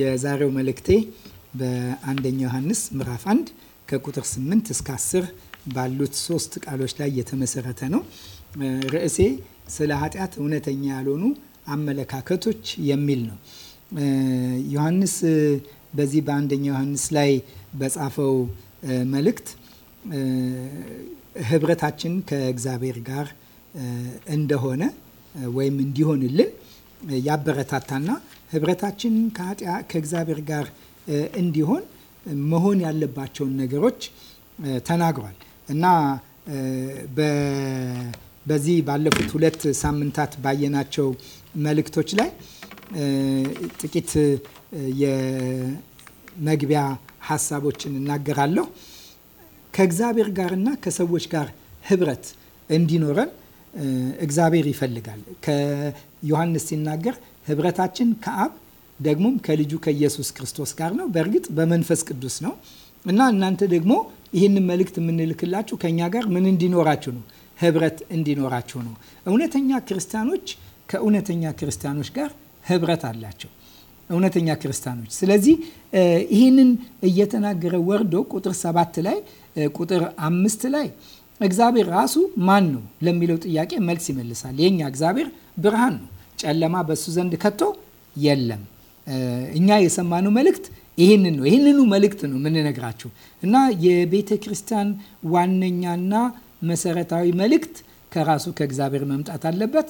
የዛሬው መልእክቴ በአንደኛ ዮሐንስ ምዕራፍ 1 ከቁጥር 8 እስከ 10 ባሉት ሶስት ቃሎች ላይ የተመሰረተ ነው። ርዕሴ ስለ ኃጢአት እውነተኛ ያልሆኑ አመለካከቶች የሚል ነው። ዮሐንስ በዚህ በአንደኛ ዮሐንስ ላይ በጻፈው መልእክት ህብረታችን ከእግዚአብሔር ጋር እንደሆነ ወይም እንዲሆንልን ያበረታታና ህብረታችን ከእግዚአብሔር ጋር እንዲሆን መሆን ያለባቸውን ነገሮች ተናግሯል እና በዚህ ባለፉት ሁለት ሳምንታት ባየናቸው መልእክቶች ላይ ጥቂት የመግቢያ ሀሳቦችን እናገራለሁ። ከእግዚአብሔር ጋርና ከሰዎች ጋር ህብረት እንዲኖረን እግዚአብሔር ይፈልጋል። ከዮሐንስ ሲናገር ህብረታችን ከአብ ደግሞም ከልጁ ከኢየሱስ ክርስቶስ ጋር ነው። በእርግጥ በመንፈስ ቅዱስ ነው እና እናንተ ደግሞ ይህንን መልእክት የምንልክላችሁ ከእኛ ጋር ምን እንዲኖራችሁ ነው? ህብረት እንዲኖራችሁ ነው። እውነተኛ ክርስቲያኖች ከእውነተኛ ክርስቲያኖች ጋር ህብረት አላቸው። እውነተኛ ክርስቲያኖች። ስለዚህ ይህንን እየተናገረ ወርዶ ቁጥር ሰባት ላይ ቁጥር አምስት ላይ እግዚአብሔር ራሱ ማን ነው ለሚለው ጥያቄ መልስ ይመልሳል። የእኛ እግዚአብሔር ብርሃን ነው ጨለማ በሱ ዘንድ ከቶ የለም። እኛ የሰማነው መልእክት ይህንን ነው። ይህንኑ መልእክት ነው የምንነግራችሁ እና የቤተ ክርስቲያን ዋነኛና መሰረታዊ መልእክት ከራሱ ከእግዚአብሔር መምጣት አለበት።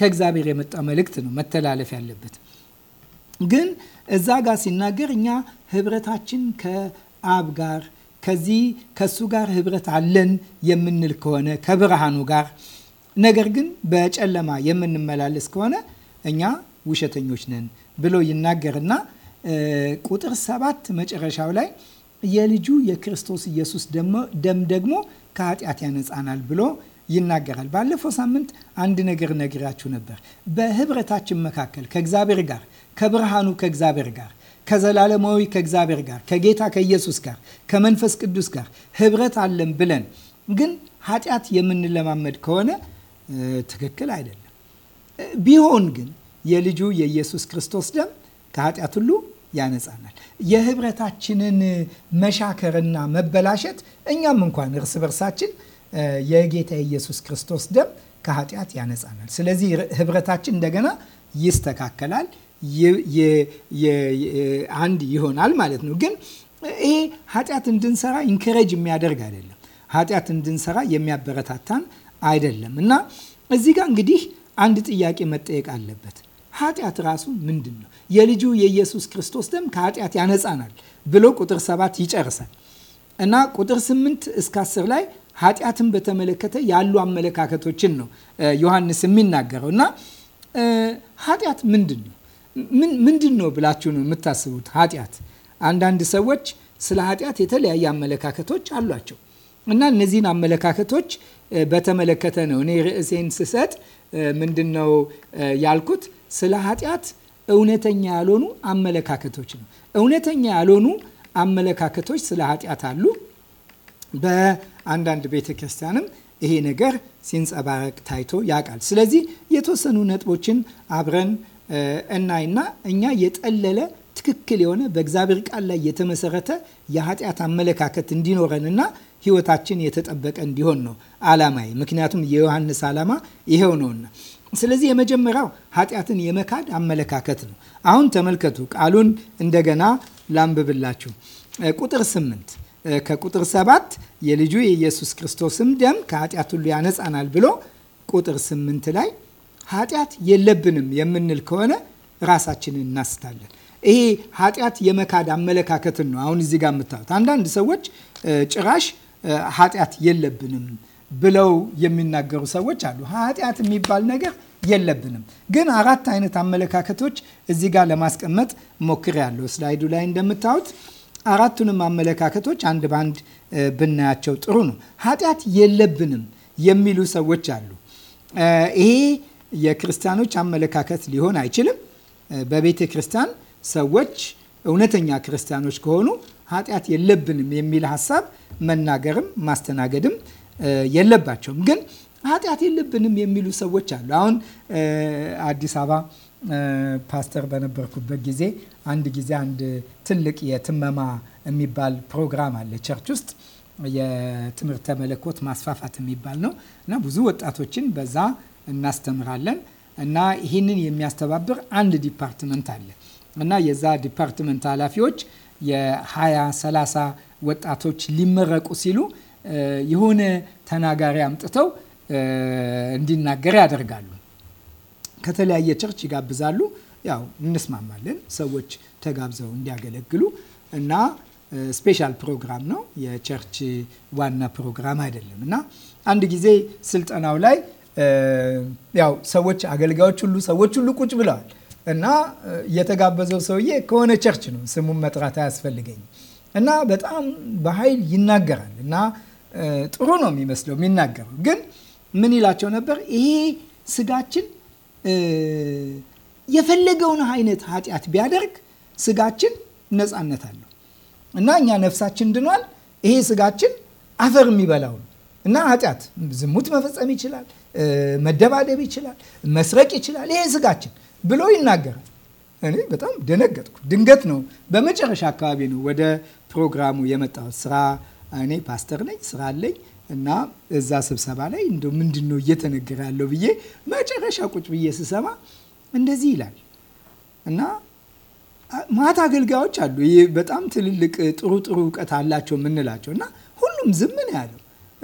ከእግዚአብሔር የመጣ መልእክት ነው መተላለፍ ያለበት። ግን እዛ ጋር ሲናገር እኛ ህብረታችን ከአብ ጋር ከዚህ ከእሱ ጋር ህብረት አለን የምንል ከሆነ ከብርሃኑ ጋር ነገር ግን በጨለማ የምንመላለስ ከሆነ እኛ ውሸተኞች ነን ብሎ ይናገርና ቁጥር ሰባት መጨረሻው ላይ የልጁ የክርስቶስ ኢየሱስ ደም ደግሞ ከኃጢአት ያነጻናል ብሎ ይናገራል። ባለፈው ሳምንት አንድ ነገር ነግራችሁ ነበር። በህብረታችን መካከል ከእግዚአብሔር ጋር ከብርሃኑ ከእግዚአብሔር ጋር ከዘላለማዊ ከእግዚአብሔር ጋር ከጌታ ከኢየሱስ ጋር ከመንፈስ ቅዱስ ጋር ህብረት አለን ብለን ግን ኃጢአት የምንለማመድ ከሆነ ትክክል አይደለም። ቢሆን ግን የልጁ የኢየሱስ ክርስቶስ ደም ከኃጢአት ሁሉ ያነጻናል። የህብረታችንን መሻከርና መበላሸት እኛም እንኳን እርስ በርሳችን የጌታ የኢየሱስ ክርስቶስ ደም ከኃጢአት ያነጻናል። ስለዚህ ህብረታችን እንደገና ይስተካከላል፣ አንድ ይሆናል ማለት ነው። ግን ይሄ ኃጢአት እንድንሰራ ኢንከሬጅ የሚያደርግ አይደለም። ኃጢአት እንድንሰራ የሚያበረታታን አይደለም። እና እዚህ ጋር እንግዲህ አንድ ጥያቄ መጠየቅ አለበት። ኃጢአት ራሱ ምንድን ነው? የልጁ የኢየሱስ ክርስቶስ ደም ከኃጢአት ያነጻናል ብሎ ቁጥር ሰባት ይጨርሳል እና ቁጥር ስምንት እስከ አስር ላይ ኃጢአትን በተመለከተ ያሉ አመለካከቶችን ነው ዮሐንስ የሚናገረው እና ኃጢአት ምንድን ነው ምንድን ነው ብላችሁ ነው የምታስቡት? ኃጢአት አንዳንድ ሰዎች ስለ ኃጢአት የተለያየ አመለካከቶች አሏቸው። እና እነዚህን አመለካከቶች በተመለከተ ነው እኔ ርዕሴን ስሰጥ ምንድን ነው ያልኩት ስለ ኃጢአት እውነተኛ ያልሆኑ አመለካከቶች ነው። እውነተኛ ያልሆኑ አመለካከቶች ስለ ኃጢአት አሉ። በአንዳንድ ቤተ ክርስቲያንም ይሄ ነገር ሲንጸባረቅ ታይቶ ያውቃል። ስለዚህ የተወሰኑ ነጥቦችን አብረን እናይና እኛ የጠለለ ትክክል የሆነ በእግዚአብሔር ቃል ላይ የተመሰረተ የኃጢአት አመለካከት እንዲኖረን እና? ህይወታችን የተጠበቀ እንዲሆን ነው አላማዬ። ምክንያቱም የዮሐንስ አላማ ይሄው ነውና። ስለዚህ የመጀመሪያው ኃጢአትን የመካድ አመለካከት ነው። አሁን ተመልከቱ ቃሉን እንደገና ላንብብላችሁ። ቁጥር ስምንት ከቁጥር ሰባት የልጁ የኢየሱስ ክርስቶስም ደም ከኃጢአት ሁሉ ያነጻናል ብሎ ቁጥር ስምንት ላይ ኃጢአት የለብንም የምንል ከሆነ ራሳችንን እናስታለን። ይሄ ኃጢአት የመካድ አመለካከትን ነው አሁን እዚህ ጋር የምታዩት። አንዳንድ ሰዎች ጭራሽ ኃጢአት የለብንም ብለው የሚናገሩ ሰዎች አሉ። ኃጢአት የሚባል ነገር የለብንም። ግን አራት አይነት አመለካከቶች እዚህ ጋር ለማስቀመጥ ሞክር ያለው ስላይዱ ላይ እንደምታዩት አራቱንም አመለካከቶች አንድ በአንድ ብናያቸው ጥሩ ነው። ኃጢአት የለብንም የሚሉ ሰዎች አሉ። ይሄ የክርስቲያኖች አመለካከት ሊሆን አይችልም። በቤተ ክርስቲያን ሰዎች እውነተኛ ክርስቲያኖች ከሆኑ ኃጢአት የለብንም የሚል ሀሳብ መናገርም ማስተናገድም የለባቸውም። ግን ኃጢአት የለብንም የሚሉ ሰዎች አሉ። አሁን አዲስ አበባ ፓስተር በነበርኩበት ጊዜ አንድ ጊዜ አንድ ትልቅ የትመማ የሚባል ፕሮግራም አለ ቸርች ውስጥ የትምህርተ መለኮት ማስፋፋት የሚባል ነው እና ብዙ ወጣቶችን በዛ እናስተምራለን እና ይህንን የሚያስተባብር አንድ ዲፓርትመንት አለ እና የዛ ዲፓርትመንት ኃላፊዎች የ20 30 ወጣቶች ሊመረቁ ሲሉ የሆነ ተናጋሪ አምጥተው እንዲናገር ያደርጋሉ። ከተለያየ ቸርች ይጋብዛሉ። ያው እንስማማለን፣ ሰዎች ተጋብዘው እንዲያገለግሉ እና ስፔሻል ፕሮግራም ነው የቸርች ዋና ፕሮግራም አይደለም። እና አንድ ጊዜ ስልጠናው ላይ ያው ሰዎች አገልጋዮች ሁሉ ሰዎች ሁሉ ቁጭ ብለዋል። እና የተጋበዘው ሰውዬ ከሆነ ቸርች ነው፣ ስሙን መጥራት አያስፈልገኝም። እና በጣም በኃይል ይናገራል እና ጥሩ ነው የሚመስለው የሚናገረው። ግን ምን ይላቸው ነበር? ይሄ ስጋችን የፈለገውን አይነት ኃጢአት ቢያደርግ ስጋችን ነፃነት አለው እና እኛ ነፍሳችን ድኗል። ይሄ ስጋችን አፈር የሚበላው ነው እና ኃጢአት ዝሙት መፈጸም ይችላል፣ መደባደብ ይችላል፣ መስረቅ ይችላል። ይሄ ስጋችን ብሎ ይናገራል። እኔ በጣም ደነገጥኩ። ድንገት ነው፣ በመጨረሻ አካባቢ ነው ወደ ፕሮግራሙ የመጣው። ስራ እኔ ፓስተር ነኝ፣ ስራ አለኝ እና እዛ ስብሰባ ላይ እንደ ምንድን ነው እየተነገረ ያለው ብዬ መጨረሻ ቁጭ ብዬ ስሰማ እንደዚህ ይላል እና ማት አገልጋዮች አሉ። ይህ በጣም ትልልቅ ጥሩ ጥሩ እውቀት አላቸው የምንላቸው እና ሁሉም ዝም ነው ያለው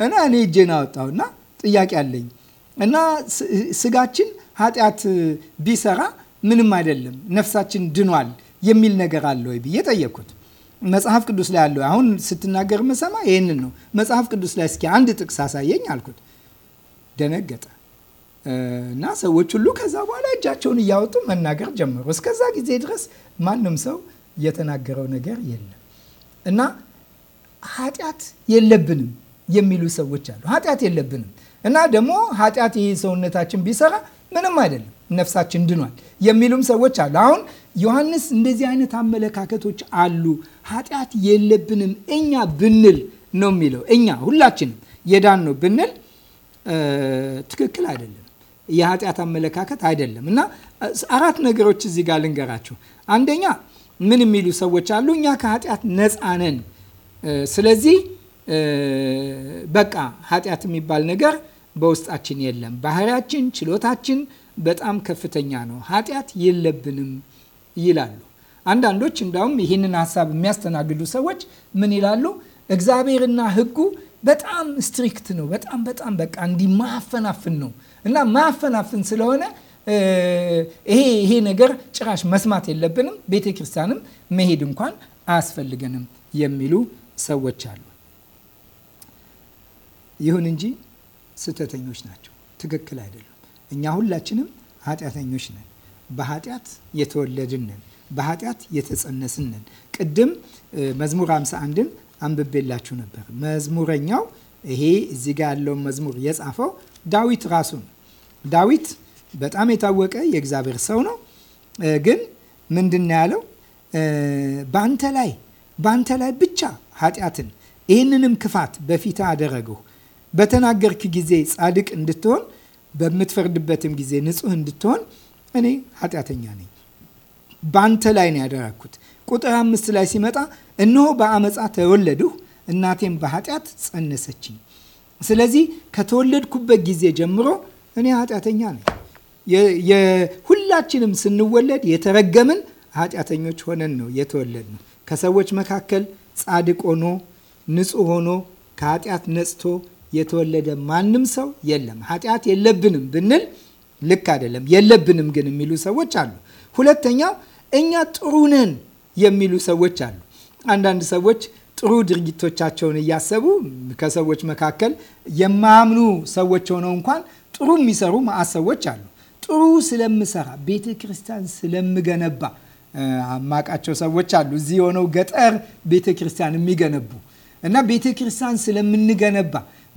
እና እኔ እጄን አወጣሁና ጥያቄ አለኝ እና ስጋችን ኃጢአት ቢሰራ ምንም አይደለም ነፍሳችን ድኗል የሚል ነገር አለ ወይ ብዬ ጠየቅኩት። መጽሐፍ ቅዱስ ላይ አለው አሁን ስትናገር መሰማ ይህንን ነው መጽሐፍ ቅዱስ ላይ እስኪ አንድ ጥቅስ አሳየኝ አልኩት። ደነገጠ እና ሰዎች ሁሉ ከዛ በኋላ እጃቸውን እያወጡ መናገር ጀመሩ። እስከዛ ጊዜ ድረስ ማንም ሰው የተናገረው ነገር የለም እና ኃጢአት የለብንም የሚሉ ሰዎች አሉ። ኃጢአት የለብንም እና ደግሞ ኃጢአት ይህ ሰውነታችን ቢሰራ ምንም አይደለም፣ ነፍሳችን ድኗል የሚሉም ሰዎች አሉ። አሁን ዮሐንስ እንደዚህ አይነት አመለካከቶች አሉ። ኃጢአት የለብንም እኛ ብንል ነው የሚለው። እኛ ሁላችንም የዳን ነው ብንል ትክክል አይደለም። የኃጢአት አመለካከት አይደለም። እና አራት ነገሮች እዚህ ጋር ልንገራችሁ። አንደኛ ምን የሚሉ ሰዎች አሉ? እኛ ከኃጢአት ነፃ ነን። ስለዚህ በቃ ኃጢአት የሚባል ነገር በውስጣችን የለም። ባህሪያችን፣ ችሎታችን በጣም ከፍተኛ ነው። ኃጢአት የለብንም ይላሉ። አንዳንዶች እንዳውም ይህንን ሀሳብ የሚያስተናግዱ ሰዎች ምን ይላሉ? እግዚአብሔርና ሕጉ በጣም ስትሪክት ነው። በጣም በጣም በቃ እንዲህ ማፈናፍን ነው እና ማፈናፍን ስለሆነ ይሄ ይሄ ነገር ጭራሽ መስማት የለብንም፣ ቤተ ክርስቲያንም መሄድ እንኳን አያስፈልገንም የሚሉ ሰዎች አሉ። ይሁን እንጂ ስህተተኞች ናቸው። ትክክል አይደሉም። እኛ ሁላችንም ኃጢአተኞች ነን። በኃጢአት የተወለድን ነን። በኃጢአት የተጸነስን ነን። ቅድም መዝሙር 51ን አንብቤላችሁ ነበር። መዝሙረኛው ይሄ እዚህ ጋር ያለውን መዝሙር የጻፈው ዳዊት ራሱ ነው። ዳዊት በጣም የታወቀ የእግዚአብሔር ሰው ነው። ግን ምንድን ነው ያለው? በአንተ ላይ በአንተ ላይ ብቻ ኃጢአትን ይህንንም ክፋት በፊት አደረግሁ በተናገርክ ጊዜ ጻድቅ እንድትሆን፣ በምትፈርድበትም ጊዜ ንጹህ እንድትሆን እኔ ኃጢአተኛ ነኝ፣ በአንተ ላይ ነው ያደረግኩት። ቁጥር አምስት ላይ ሲመጣ እነሆ በአመፃ ተወለድሁ፣ እናቴም በኃጢአት ጸነሰችኝ። ስለዚህ ከተወለድኩበት ጊዜ ጀምሮ እኔ ኃጢአተኛ ነኝ። ሁላችንም ስንወለድ የተረገምን ኃጢአተኞች ሆነን ነው የተወለድነው። ከሰዎች መካከል ጻድቅ ሆኖ ንጹህ ሆኖ ከኃጢአት ነጽቶ የተወለደ ማንም ሰው የለም። ኃጢአት የለብንም ብንል ልክ አይደለም። የለብንም ግን የሚሉ ሰዎች አሉ። ሁለተኛው እኛ ጥሩ ነን የሚሉ ሰዎች አሉ። አንዳንድ ሰዎች ጥሩ ድርጊቶቻቸውን እያሰቡ ከሰዎች መካከል የማያምኑ ሰዎች ሆነው እንኳን ጥሩ የሚሰሩ መዓት ሰዎች አሉ። ጥሩ ስለምሰራ፣ ቤተ ክርስቲያን ስለምገነባ አማቃቸው ሰዎች አሉ። እዚህ የሆነው ገጠር ቤተ ክርስቲያን የሚገነቡ እና ቤተ ክርስቲያን ስለምንገነባ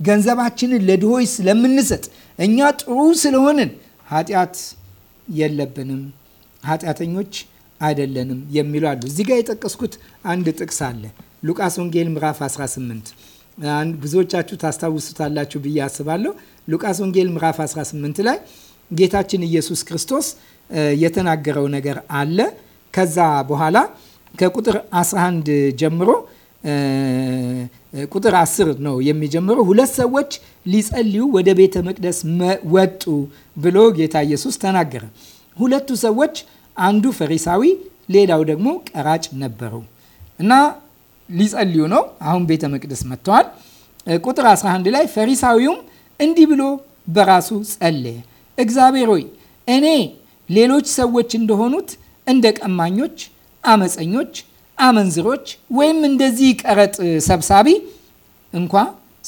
ገንዘባችንን ለድሆች ስለምንሰጥ እኛ ጥሩ ስለሆንን ኃጢአት የለብንም፣ ኃጢአተኞች አይደለንም የሚሉ አሉ። እዚህ ጋር የጠቀስኩት አንድ ጥቅስ አለ ሉቃስ ወንጌል ምዕራፍ 18 ብዙዎቻችሁ ታስታውሱታላችሁ ብዬ አስባለሁ። ሉቃስ ወንጌል ምዕራፍ 18 ላይ ጌታችን ኢየሱስ ክርስቶስ የተናገረው ነገር አለ። ከዛ በኋላ ከቁጥር 11 ጀምሮ ቁጥር 10 ነው የሚጀምረው። ሁለት ሰዎች ሊጸልዩ ወደ ቤተ መቅደስ ወጡ ብሎ ጌታ ኢየሱስ ተናገረ። ሁለቱ ሰዎች አንዱ ፈሪሳዊ፣ ሌላው ደግሞ ቀራጭ ነበሩ እና ሊጸልዩ ነው። አሁን ቤተ መቅደስ መጥተዋል። ቁጥር 11 ላይ ፈሪሳዊውም እንዲህ ብሎ በራሱ ጸለየ፣ እግዚአብሔር ሆይ እኔ ሌሎች ሰዎች እንደሆኑት እንደ ቀማኞች፣ አመፀኞች አመንዝሮች ወይም እንደዚህ ቀረጥ ሰብሳቢ እንኳ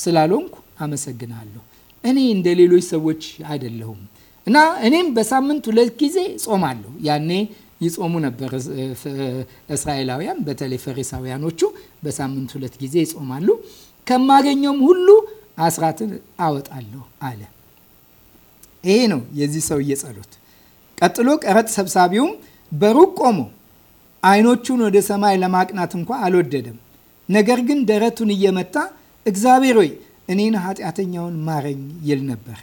ስላልሆንኩ አመሰግናለሁ። እኔ እንደ ሌሎች ሰዎች አይደለሁም እና እኔም በሳምንት ሁለት ጊዜ ጾማለሁ። ያኔ ይጾሙ ነበር እስራኤላውያን፣ በተለይ ፈሪሳውያኖቹ በሳምንት ሁለት ጊዜ ይጾማሉ። ከማገኘውም ሁሉ አስራትን አወጣለሁ አለ። ይሄ ነው የዚህ ሰው እየጸሎት። ቀጥሎ ቀረጥ ሰብሳቢውም በሩቅ ቆመው አይኖቹን ወደ ሰማይ ለማቅናት እንኳ አልወደደም። ነገር ግን ደረቱን እየመታ እግዚአብሔር ሆይ እኔን ኃጢአተኛውን ማረኝ ይል ነበር።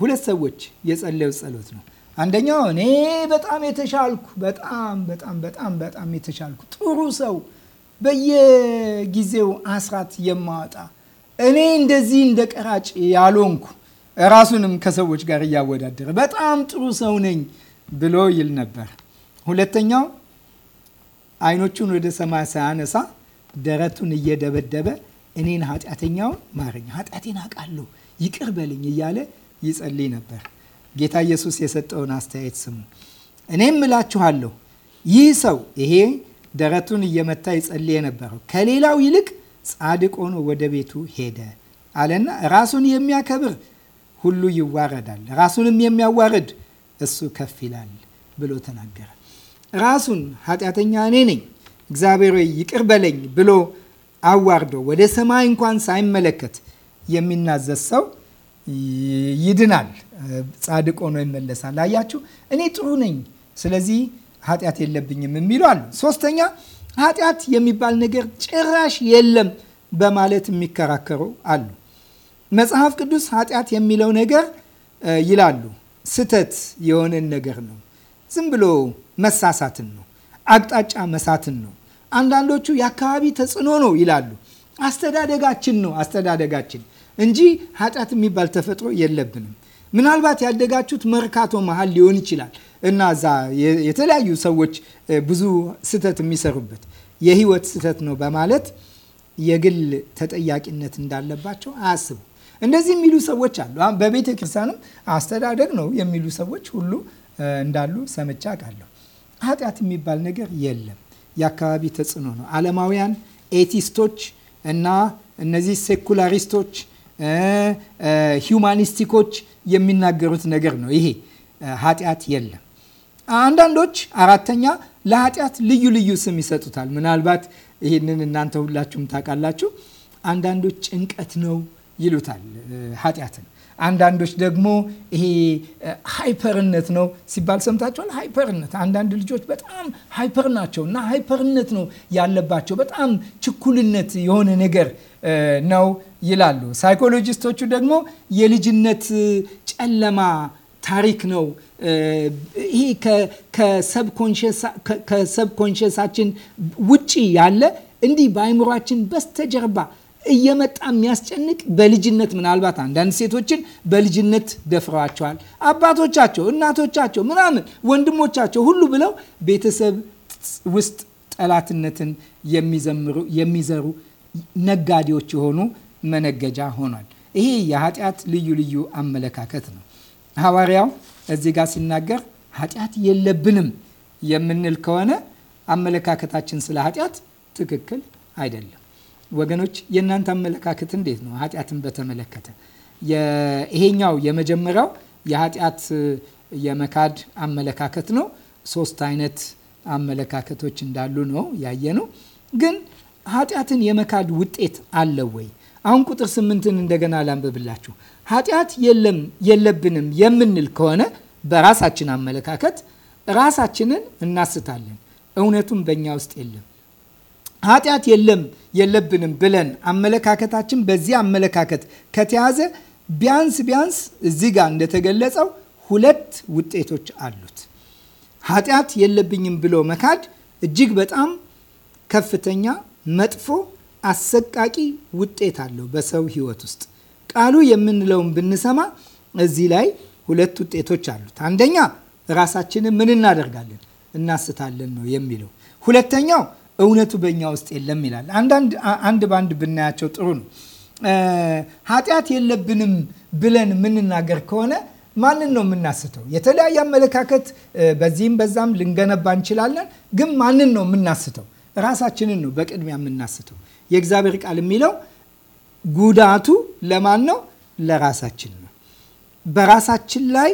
ሁለት ሰዎች የጸለዩ ጸሎት ነው። አንደኛው እኔ በጣም የተሻልኩ በጣም በጣም በጣም በጣም የተሻልኩ ጥሩ ሰው፣ በየጊዜው አስራት የማወጣ እኔ እንደዚህ እንደ ቀራጭ ያልሆንኩ ራሱንም ከሰዎች ጋር እያወዳደረ በጣም ጥሩ ሰው ነኝ ብሎ ይል ነበር። ሁለተኛው አይኖቹን ወደ ሰማይ ሳያነሳ ደረቱን እየደበደበ እኔን ኃጢአተኛውን ማረኝ፣ ኃጢአቴን አውቃለሁ፣ ይቅር በልኝ እያለ ይጸልይ ነበር። ጌታ ኢየሱስ የሰጠውን አስተያየት ስሙ። እኔም እላችኋለሁ ይህ ሰው ይሄ ደረቱን እየመታ ይጸልይ የነበረው ከሌላው ይልቅ ጻድቅ ሆኖ ወደ ቤቱ ሄደ አለና ራሱን የሚያከብር ሁሉ ይዋረዳል፣ ራሱንም የሚያዋርድ እሱ ከፍ ይላል ብሎ ተናገረ። ራሱን ኃጢአተኛ እኔ ነኝ እግዚአብሔር ይቅር በለኝ ብሎ አዋርዶ ወደ ሰማይ እንኳን ሳይመለከት የሚናዘዝ ሰው ይድናል፣ ጻድቅ ሆኖ ይመለሳል። አያችሁ፣ እኔ ጥሩ ነኝ፣ ስለዚህ ኃጢአት የለብኝም የሚሉ አሉ። ሶስተኛ ኃጢአት የሚባል ነገር ጭራሽ የለም በማለት የሚከራከሩ አሉ። መጽሐፍ ቅዱስ ኃጢአት የሚለው ነገር ይላሉ ስህተት የሆነን ነገር ነው ዝም ብሎ መሳሳትን ነው። አቅጣጫ መሳትን ነው። አንዳንዶቹ የአካባቢ ተጽዕኖ ነው ይላሉ። አስተዳደጋችን ነው አስተዳደጋችን እንጂ ኃጢአት የሚባል ተፈጥሮ የለብንም። ምናልባት ያደጋችሁት መርካቶ መሀል ሊሆን ይችላል እና እዛ የተለያዩ ሰዎች ብዙ ስህተት የሚሰሩበት የህይወት ስህተት ነው በማለት የግል ተጠያቂነት እንዳለባቸው አያስቡ። እንደዚህ የሚሉ ሰዎች አሉ። በቤተ ክርስቲያንም አስተዳደግ ነው የሚሉ ሰዎች ሁሉ እንዳሉ ሰምቻ ቃለሁ። ኃጢአት የሚባል ነገር የለም። የአካባቢ ተጽዕኖ ነው። ዓለማውያን ኤቲስቶች እና እነዚህ ሴኩላሪስቶች ሂውማኒስቲኮች የሚናገሩት ነገር ነው። ይሄ ኃጢአት የለም። አንዳንዶች አራተኛ ለኃጢአት ልዩ ልዩ ስም ይሰጡታል። ምናልባት ይህንን እናንተ ሁላችሁም ታውቃላችሁ። አንዳንዶች ጭንቀት ነው ይሉታል ኃጢአትን አንዳንዶች ደግሞ ይሄ ሃይፐርነት ነው ሲባል ሰምታችኋል። ሃይፐርነት አንዳንድ ልጆች በጣም ሃይፐር ናቸው እና ሃይፐርነት ነው ያለባቸው በጣም ችኩልነት የሆነ ነገር ነው ይላሉ። ሳይኮሎጂስቶቹ ደግሞ የልጅነት ጨለማ ታሪክ ነው ይሄ ከሰብኮንሽሳችን ውጪ ያለ እንዲህ በአይምሯችን በስተጀርባ እየመጣ የሚያስጨንቅ በልጅነት ምናልባት አንዳንድ ሴቶችን በልጅነት ደፍረዋቸዋል። አባቶቻቸው፣ እናቶቻቸው፣ ምናምን ወንድሞቻቸው ሁሉ ብለው ቤተሰብ ውስጥ ጠላትነትን የሚዘሩ ነጋዴዎች የሆኑ መነገጃ ሆኗል። ይሄ የኃጢአት ልዩ ልዩ አመለካከት ነው። ሐዋርያው እዚህ ጋር ሲናገር ኃጢአት የለብንም የምንል ከሆነ አመለካከታችን ስለ ኃጢአት ትክክል አይደለም። ወገኖች የእናንተ አመለካከት እንዴት ነው? ኃጢአትን በተመለከተ ይሄኛው የመጀመሪያው የኃጢአት የመካድ አመለካከት ነው። ሶስት አይነት አመለካከቶች እንዳሉ ነው ያየ ነው። ግን ኃጢአትን የመካድ ውጤት አለ ወይ? አሁን ቁጥር ስምንትን እንደገና ላንብብላችሁ። ኃጢአት የለም የለብንም የምንል ከሆነ በራሳችን አመለካከት ራሳችንን እናስታለን፣ እውነቱም በእኛ ውስጥ የለም። ኃጢአት የለም የለብንም ብለን አመለካከታችን በዚህ አመለካከት ከተያዘ ቢያንስ ቢያንስ እዚህ ጋር እንደተገለጸው ሁለት ውጤቶች አሉት። ኃጢአት የለብኝም ብሎ መካድ እጅግ በጣም ከፍተኛ መጥፎ አሰቃቂ ውጤት አለው በሰው ህይወት ውስጥ ቃሉ የምንለውን ብንሰማ እዚህ ላይ ሁለት ውጤቶች አሉት። አንደኛ ራሳችንን ምን እናደርጋለን? እናስታለን ነው የሚለው። ሁለተኛው እውነቱ በእኛ ውስጥ የለም ይላል። አንድ በአንድ ብናያቸው ጥሩ ነው። ኃጢአት የለብንም ብለን የምንናገር ከሆነ ማንን ነው የምናስተው? የተለያየ አመለካከት በዚህም በዛም ልንገነባ እንችላለን። ግን ማንን ነው የምናስተው? ራሳችንን ነው በቅድሚያ የምናስተው። የእግዚአብሔር ቃል የሚለው ጉዳቱ ለማን ነው? ለራሳችን ነው። በራሳችን ላይ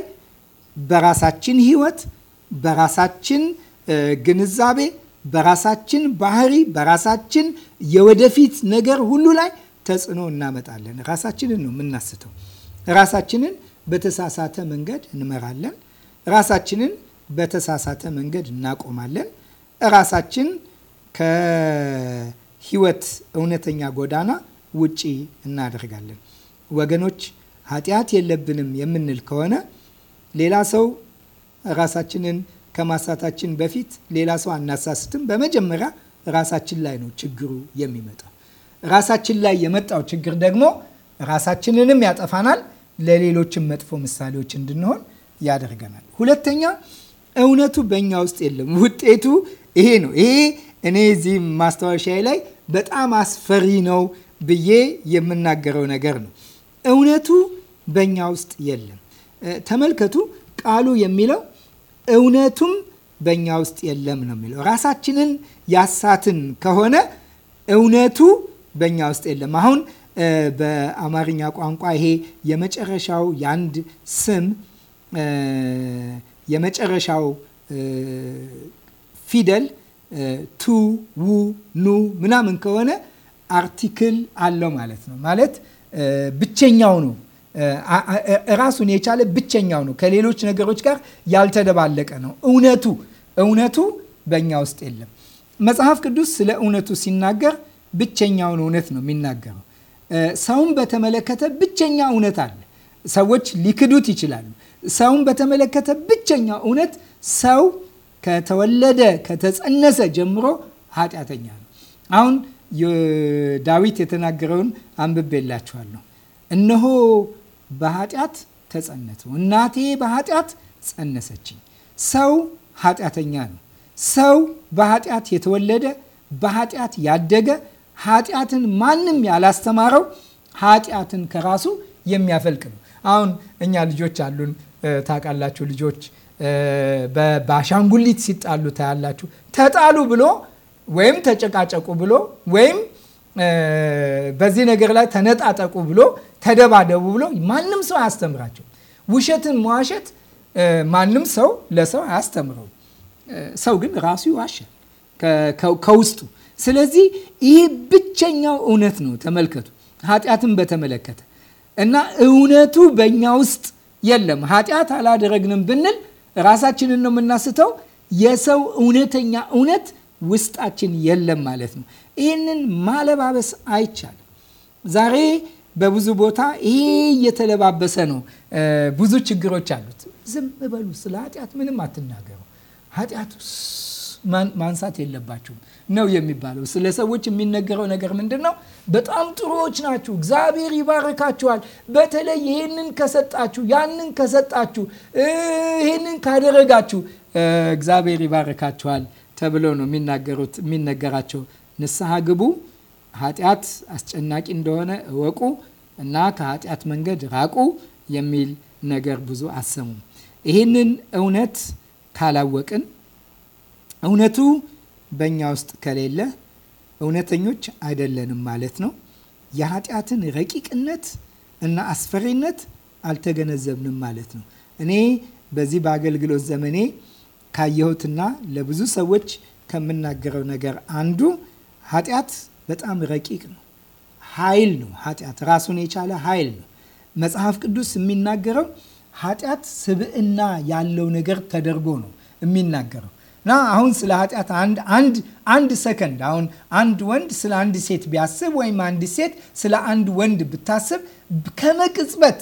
በራሳችን ህይወት በራሳችን ግንዛቤ በራሳችን ባህሪ፣ በራሳችን የወደፊት ነገር ሁሉ ላይ ተጽዕኖ እናመጣለን። ራሳችንን ነው የምናስተው። ራሳችንን በተሳሳተ መንገድ እንመራለን። ራሳችንን በተሳሳተ መንገድ እናቆማለን። ራሳችን ከህይወት እውነተኛ ጎዳና ውጪ እናደርጋለን። ወገኖች ኃጢአት የለብንም የምንል ከሆነ ሌላ ሰው ራሳችንን ከማሳታችን በፊት ሌላ ሰው አናሳስትም። በመጀመሪያ ራሳችን ላይ ነው ችግሩ የሚመጣው። ራሳችን ላይ የመጣው ችግር ደግሞ ራሳችንንም ያጠፋናል፣ ለሌሎችም መጥፎ ምሳሌዎች እንድንሆን ያደርገናል። ሁለተኛ እውነቱ በእኛ ውስጥ የለም። ውጤቱ ይሄ ነው። ይሄ እኔ እዚህ ማስታወሻዬ ላይ በጣም አስፈሪ ነው ብዬ የምናገረው ነገር ነው። እውነቱ በእኛ ውስጥ የለም። ተመልከቱ ቃሉ የሚለው እውነቱም በእኛ ውስጥ የለም ነው የሚለው። ራሳችንን ያሳትን ከሆነ እውነቱ በእኛ ውስጥ የለም። አሁን በአማርኛ ቋንቋ ይሄ የመጨረሻው የአንድ ስም የመጨረሻው ፊደል ቱ ው ኑ ምናምን ከሆነ አርቲክል አለው ማለት ነው። ማለት ብቸኛው ነው ራሱን የቻለ ብቸኛው ነው። ከሌሎች ነገሮች ጋር ያልተደባለቀ ነው። እውነቱ እውነቱ በእኛ ውስጥ የለም። መጽሐፍ ቅዱስ ስለ እውነቱ ሲናገር ብቸኛውን እውነት ነው የሚናገረው። ሰውን በተመለከተ ብቸኛ እውነት አለ። ሰዎች ሊክዱት ይችላሉ። ሰውን በተመለከተ ብቸኛ እውነት ሰው ከተወለደ ከተጸነሰ ጀምሮ ኃጢአተኛ ነው። አሁን ዳዊት የተናገረውን አንብቤላችኋለሁ። እነሆ በኃጢአት ተጸነቱ። እናቴ በኃጢአት ጸነሰችኝ። ሰው ኃጢአተኛ ነው። ሰው በኃጢአት የተወለደ በኃጢአት ያደገ ኃጢአትን ማንም ያላስተማረው ኃጢአትን ከራሱ የሚያፈልቅ ነው። አሁን እኛ ልጆች አሉን ታውቃላችሁ። ልጆች በአሻንጉሊት ሲጣሉ ታያላችሁ። ተጣሉ ብሎ ወይም ተጨቃጨቁ ብሎ ወይም በዚህ ነገር ላይ ተነጣጠቁ ብሎ ተደባደቡ ብሎ ማንም ሰው አያስተምራቸው። ውሸትን መዋሸት ማንም ሰው ለሰው አያስተምረው። ሰው ግን ራሱ ይዋሻል ከውስጡ። ስለዚህ ይህ ብቸኛው እውነት ነው። ተመልከቱ፣ ኃጢአትን በተመለከተ እና እውነቱ በእኛ ውስጥ የለም። ኃጢአት አላደረግንም ብንል ራሳችንን ነው የምናስተው። የሰው እውነተኛ እውነት ውስጣችን የለም ማለት ነው። ይህንን ማለባበስ አይቻልም። ዛሬ በብዙ ቦታ ይሄ እየተለባበሰ ነው። ብዙ ችግሮች አሉት። ዝም በሉ፣ ስለ ኃጢአት ምንም አትናገሩ፣ ኃጢአቱ ማንሳት የለባችሁም ነው የሚባለው። ስለ ሰዎች የሚነገረው ነገር ምንድን ነው? በጣም ጥሩዎች ናችሁ፣ እግዚአብሔር ይባርካችኋል። በተለይ ይህንን ከሰጣችሁ፣ ያንን ከሰጣችሁ፣ ይህንን ካደረጋችሁ እግዚአብሔር ይባርካችኋል ተብሎ ነው የሚናገሩት የሚነገራቸው ንስሐ ግቡ፣ ኃጢአት አስጨናቂ እንደሆነ እወቁ እና ከኃጢአት መንገድ ራቁ የሚል ነገር ብዙ አሰሙም። ይህንን እውነት ካላወቅን እውነቱ በእኛ ውስጥ ከሌለ እውነተኞች አይደለንም ማለት ነው። የኃጢአትን ረቂቅነት እና አስፈሪነት አልተገነዘብንም ማለት ነው። እኔ በዚህ በአገልግሎት ዘመኔ ካየሁትና ለብዙ ሰዎች ከምናገረው ነገር አንዱ ኃጢአት በጣም ረቂቅ ነው። ኃይል ነው። ኃጢአት ራሱን የቻለ ኃይል ነው። መጽሐፍ ቅዱስ የሚናገረው ኃጢአት ስብዕና ያለው ነገር ተደርጎ ነው የሚናገረው እና አሁን ስለ ኃጢአት አንድ አንድ ሰከንድ አሁን አንድ ወንድ ስለ አንድ ሴት ቢያስብ ወይም አንድ ሴት ስለ አንድ ወንድ ብታስብ ከመቅጽበት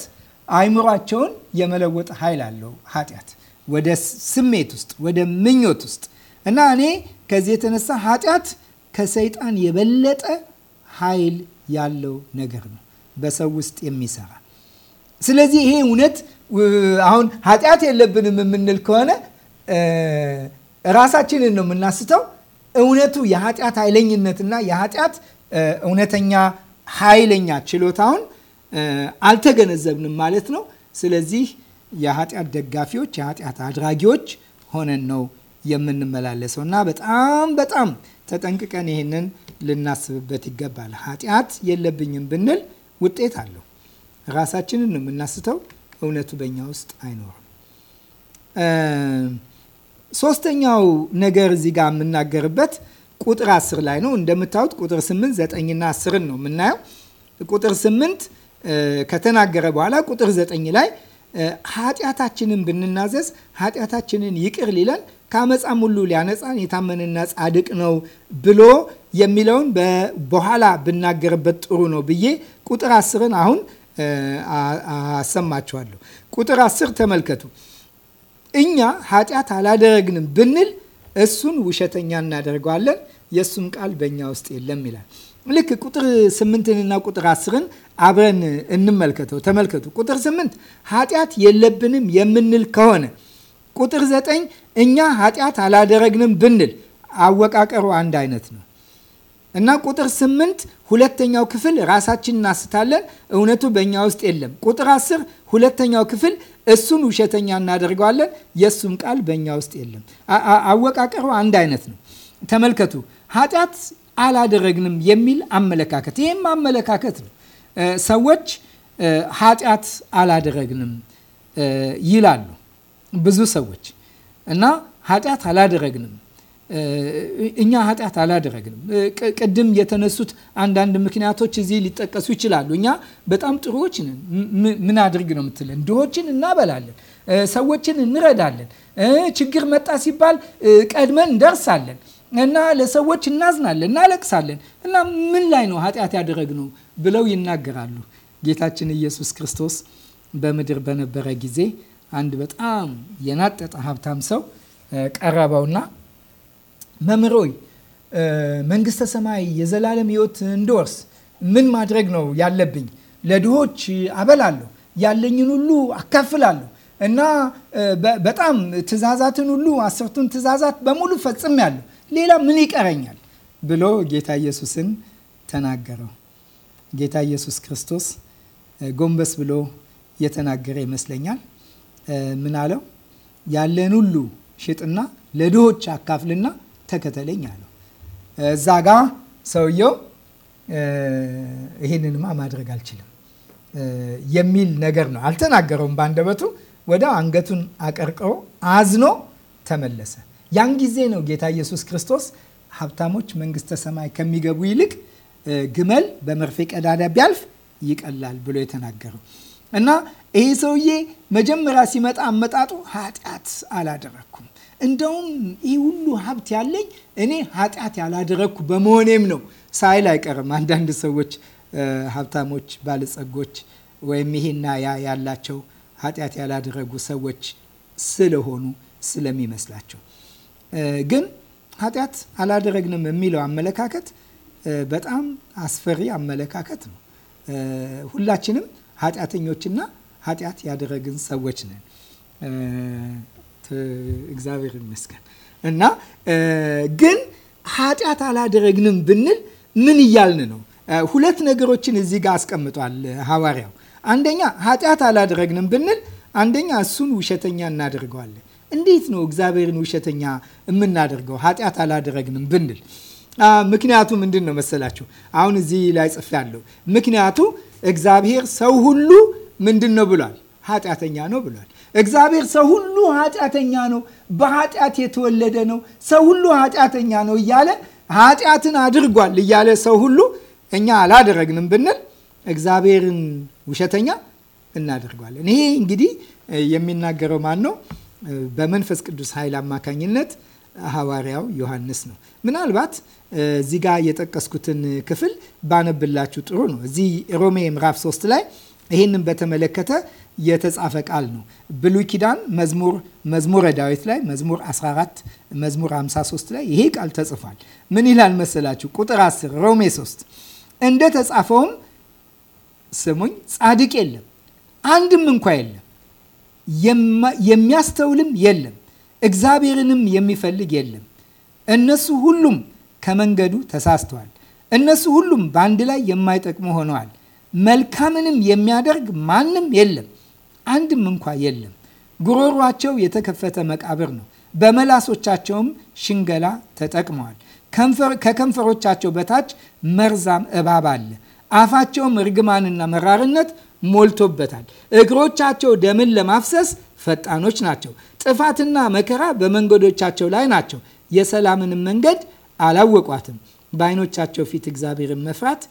አይምሯቸውን የመለወጥ ኃይል አለው ኃጢአት ወደ ስሜት ውስጥ ወደ ምኞት ውስጥ እና እኔ ከዚህ የተነሳ ኃጢአት ከሰይጣን የበለጠ ኃይል ያለው ነገር ነው በሰው ውስጥ የሚሰራ። ስለዚህ ይሄ እውነት አሁን ኃጢአት የለብንም የምንል ከሆነ ራሳችንን ነው የምናስተው። እውነቱ የኃጢአት ኃይለኝነትና የኃጢአት እውነተኛ ኃይለኛ ችሎታውን አልተገነዘብንም ማለት ነው። ስለዚህ የኃጢአት ደጋፊዎች፣ የኃጢአት አድራጊዎች ሆነን ነው የምንመላለሰው እና በጣም በጣም ተጠንቅቀን ይህንን ልናስብበት ይገባል። ኃጢአት የለብኝም ብንል ውጤት አለው። ራሳችንን ነው የምናስተው፣ እውነቱ በእኛ ውስጥ አይኖርም። ሶስተኛው ነገር እዚህ ጋር የምናገርበት ቁጥር አስር ላይ ነው። እንደምታዩት ቁጥር ስምንት ዘጠኝና አስርን ነው የምናየው። ቁጥር ስምንት ከተናገረ በኋላ ቁጥር ዘጠኝ ላይ ኃጢአታችንን ብንናዘዝ ኃጢአታችንን ይቅር ሊለን ከአመፃም ሁሉ ሊያነፃን የታመነና ጻድቅ ነው ብሎ የሚለውን በኋላ ብናገርበት ጥሩ ነው ብዬ ቁጥር አስርን አሁን አሰማችኋለሁ። ቁጥር አስር ተመልከቱ። እኛ ኃጢአት አላደረግንም ብንል እሱን ውሸተኛ እናደርገዋለን፣ የእሱም ቃል በእኛ ውስጥ የለም ይላል። ልክ ቁጥር ስምንትንና ቁጥር አስርን አብረን እንመልከተው። ተመልከቱ። ቁጥር ስምንት ኃጢአት የለብንም የምንል ከሆነ ቁጥር ዘጠኝ እኛ ኃጢአት አላደረግንም ብንል አወቃቀሩ አንድ አይነት ነው እና ቁጥር ስምንት ሁለተኛው ክፍል ራሳችን እናስታለን፣ እውነቱ በእኛ ውስጥ የለም። ቁጥር አስር ሁለተኛው ክፍል እሱን ውሸተኛ እናደርገዋለን፣ የእሱም ቃል በእኛ ውስጥ የለም። አወቃቀሩ አንድ አይነት ነው። ተመልከቱ፣ ኃጢአት አላደረግንም የሚል አመለካከት። ይህም አመለካከት ነው። ሰዎች ኃጢአት አላደረግንም ይላሉ ብዙ ሰዎች እና ኃጢአት አላደረግንም እኛ ኃጢአት አላደረግንም። ቅድም የተነሱት አንዳንድ ምክንያቶች እዚህ ሊጠቀሱ ይችላሉ። እኛ በጣም ጥሩዎች ነን። ምን አድርግ ነው የምትለን? ድሆችን እናበላለን፣ ሰዎችን እንረዳለን፣ ችግር መጣ ሲባል ቀድመን እንደርሳለን እና ለሰዎች እናዝናለን፣ እናለቅሳለን እና ምን ላይ ነው ኃጢአት ያደረግነው ብለው ይናገራሉ። ጌታችን ኢየሱስ ክርስቶስ በምድር በነበረ ጊዜ አንድ በጣም የናጠጠ ሀብታም ሰው ቀረበውና መምሮይ መንግስተ ሰማይ የዘላለም ህይወት እንድወርስ ምን ማድረግ ነው ያለብኝ? ለድሆች አበላለሁ፣ ያለኝን ሁሉ አካፍላለሁ እና በጣም ትእዛዛትን ሁሉ አስርቱን ትእዛዛት በሙሉ ፈጽሜያለሁ፣ ሌላ ምን ይቀረኛል ብሎ ጌታ ኢየሱስን ተናገረው። ጌታ ኢየሱስ ክርስቶስ ጎንበስ ብሎ የተናገረ ይመስለኛል። ምን አለው? ያለን ሁሉ ሽጥና ለድሆች አካፍልና ተከተለኝ አለው። እዛ ጋ ሰውየው ይህንንማ ማድረግ አልችልም የሚል ነገር ነው። አልተናገረውም በአንደበቱ። ወደ አንገቱን አቀርቅሮ አዝኖ ተመለሰ። ያን ጊዜ ነው ጌታ ኢየሱስ ክርስቶስ ሀብታሞች መንግስተ ሰማይ ከሚገቡ ይልቅ ግመል በመርፌ ቀዳዳ ቢያልፍ ይቀላል ብሎ የተናገረው እና ይሄ ሰውዬ መጀመሪያ ሲመጣ አመጣጡ ኃጢአት አላደረግኩም፣ እንደውም ይህ ሁሉ ሀብት ያለኝ እኔ ኃጢአት ያላደረግኩ በመሆኔም ነው ሳይል አይቀርም። አንዳንድ ሰዎች ሀብታሞች፣ ባለጸጎች ወይም ይሄና ያ ያላቸው ኃጢአት ያላደረጉ ሰዎች ስለሆኑ ስለሚመስላቸው ግን ኃጢአት አላደረግንም የሚለው አመለካከት በጣም አስፈሪ አመለካከት ነው። ሁላችንም ኃጢአተኞችና ኃጢአት ያደረግን ሰዎች ነን። እግዚአብሔር ይመስገን እና ግን ኃጢአት አላደረግንም ብንል ምን እያልን ነው? ሁለት ነገሮችን እዚህ ጋር አስቀምጧል ሐዋርያው። አንደኛ ኃጢአት አላደረግንም ብንል አንደኛ እሱን ውሸተኛ እናደርገዋለን። እንዴት ነው እግዚአብሔርን ውሸተኛ የምናደርገው ኃጢአት አላደረግንም ብንል? ምክንያቱ ምንድን ነው መሰላችሁ? አሁን እዚህ ላይ ጽፌያለሁ። ምክንያቱ እግዚአብሔር ሰው ሁሉ ምንድን ነው ብሏል? ኃጢአተኛ ነው ብሏል። እግዚአብሔር ሰው ሁሉ ኃጢአተኛ ነው፣ በኃጢአት የተወለደ ነው፣ ሰው ሁሉ ኃጢአተኛ ነው እያለ ኃጢአትን አድርጓል እያለ ሰው ሁሉ እኛ አላደረግንም ብንል እግዚአብሔርን ውሸተኛ እናደርጓለን። ይሄ እንግዲህ የሚናገረው ማን ነው? በመንፈስ ቅዱስ ኃይል አማካኝነት ሐዋርያው ዮሐንስ ነው። ምናልባት እዚህ ጋር የጠቀስኩትን ክፍል ባነብላችሁ ጥሩ ነው። እዚህ ሮሜ ምዕራፍ 3 ላይ ይህንን በተመለከተ የተጻፈ ቃል ነው። ብሉይ ኪዳን መዝሙር መዝሙረ ዳዊት ላይ መዝሙር 14 መዝሙር 53 ላይ ይሄ ቃል ተጽፏል። ምን ይላል መሰላችሁ? ቁጥር 10 ሮሜ 3 እንደ ተጻፈውም ስሙኝ፣ ጻድቅ የለም አንድም እንኳ የለም፣ የሚያስተውልም የለም፣ እግዚአብሔርንም የሚፈልግ የለም። እነሱ ሁሉም ከመንገዱ ተሳስተዋል፣ እነሱ ሁሉም በአንድ ላይ የማይጠቅሙ ሆነዋል መልካምንም የሚያደርግ ማንም የለም፣ አንድም እንኳ የለም። ጉሮሯቸው የተከፈተ መቃብር ነው፣ በመላሶቻቸውም ሽንገላ ተጠቅመዋል። ከከንፈሮቻቸው በታች መርዛም እባብ አለ፣ አፋቸውም እርግማንና መራርነት ሞልቶበታል። እግሮቻቸው ደምን ለማፍሰስ ፈጣኖች ናቸው። ጥፋትና መከራ በመንገዶቻቸው ላይ ናቸው። የሰላምንም መንገድ አላወቋትም። በዓይኖቻቸው ፊት እግዚአብሔርን መፍራት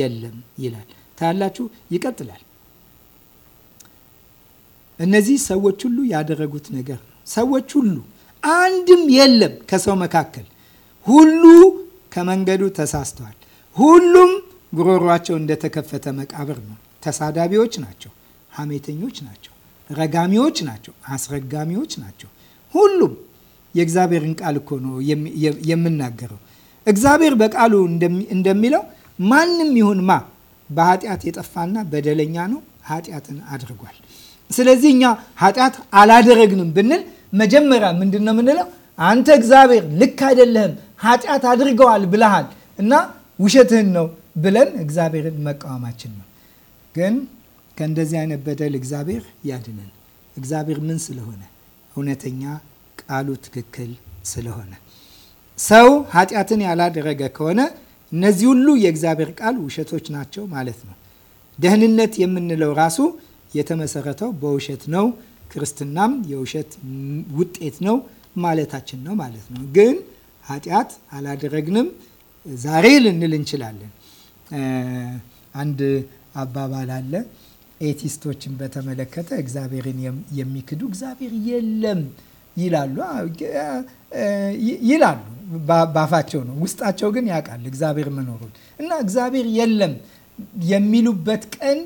የለም ይላል። ታያላችሁ። ይቀጥላል። እነዚህ ሰዎች ሁሉ ያደረጉት ነገር ነው። ሰዎች ሁሉ አንድም የለም ከሰው መካከል ሁሉ ከመንገዱ ተሳስተዋል። ሁሉም ጉሮሯቸው እንደተከፈተ መቃብር ነው። ተሳዳቢዎች ናቸው፣ ሐሜተኞች ናቸው፣ ረጋሚዎች ናቸው፣ አስረጋሚዎች ናቸው። ሁሉም የእግዚአብሔርን ቃል እኮ ነው የምናገረው። እግዚአብሔር በቃሉ እንደሚለው ማንም ይሁን ማ በኃጢአት የጠፋና በደለኛ ነው፣ ኃጢአትን አድርጓል። ስለዚህ እኛ ኃጢአት አላደረግንም ብንል መጀመሪያ ምንድን ነው የምንለው? አንተ እግዚአብሔር ልክ አይደለህም፣ ኃጢአት አድርገዋል ብለሃል እና ውሸትህን ነው ብለን እግዚአብሔርን መቃወማችን ነው። ግን ከእንደዚህ አይነት በደል እግዚአብሔር ያድነን። እግዚአብሔር ምን ስለሆነ? እውነተኛ ቃሉ ትክክል ስለሆነ ሰው ኃጢአትን ያላደረገ ከሆነ እነዚህ ሁሉ የእግዚአብሔር ቃል ውሸቶች ናቸው ማለት ነው። ደህንነት የምንለው ራሱ የተመሰረተው በውሸት ነው። ክርስትናም የውሸት ውጤት ነው ማለታችን ነው ማለት ነው። ግን ኃጢአት አላደረግንም ዛሬ ልንል እንችላለን። አንድ አባባል አለ ኤቲስቶችን በተመለከተ እግዚአብሔርን የሚክዱ እግዚአብሔር የለም ይላሉ ይላሉ ባፋቸው ነው። ውስጣቸው ግን ያውቃል እግዚአብሔር መኖሩን እና እግዚአብሔር የለም የሚሉበት ቀን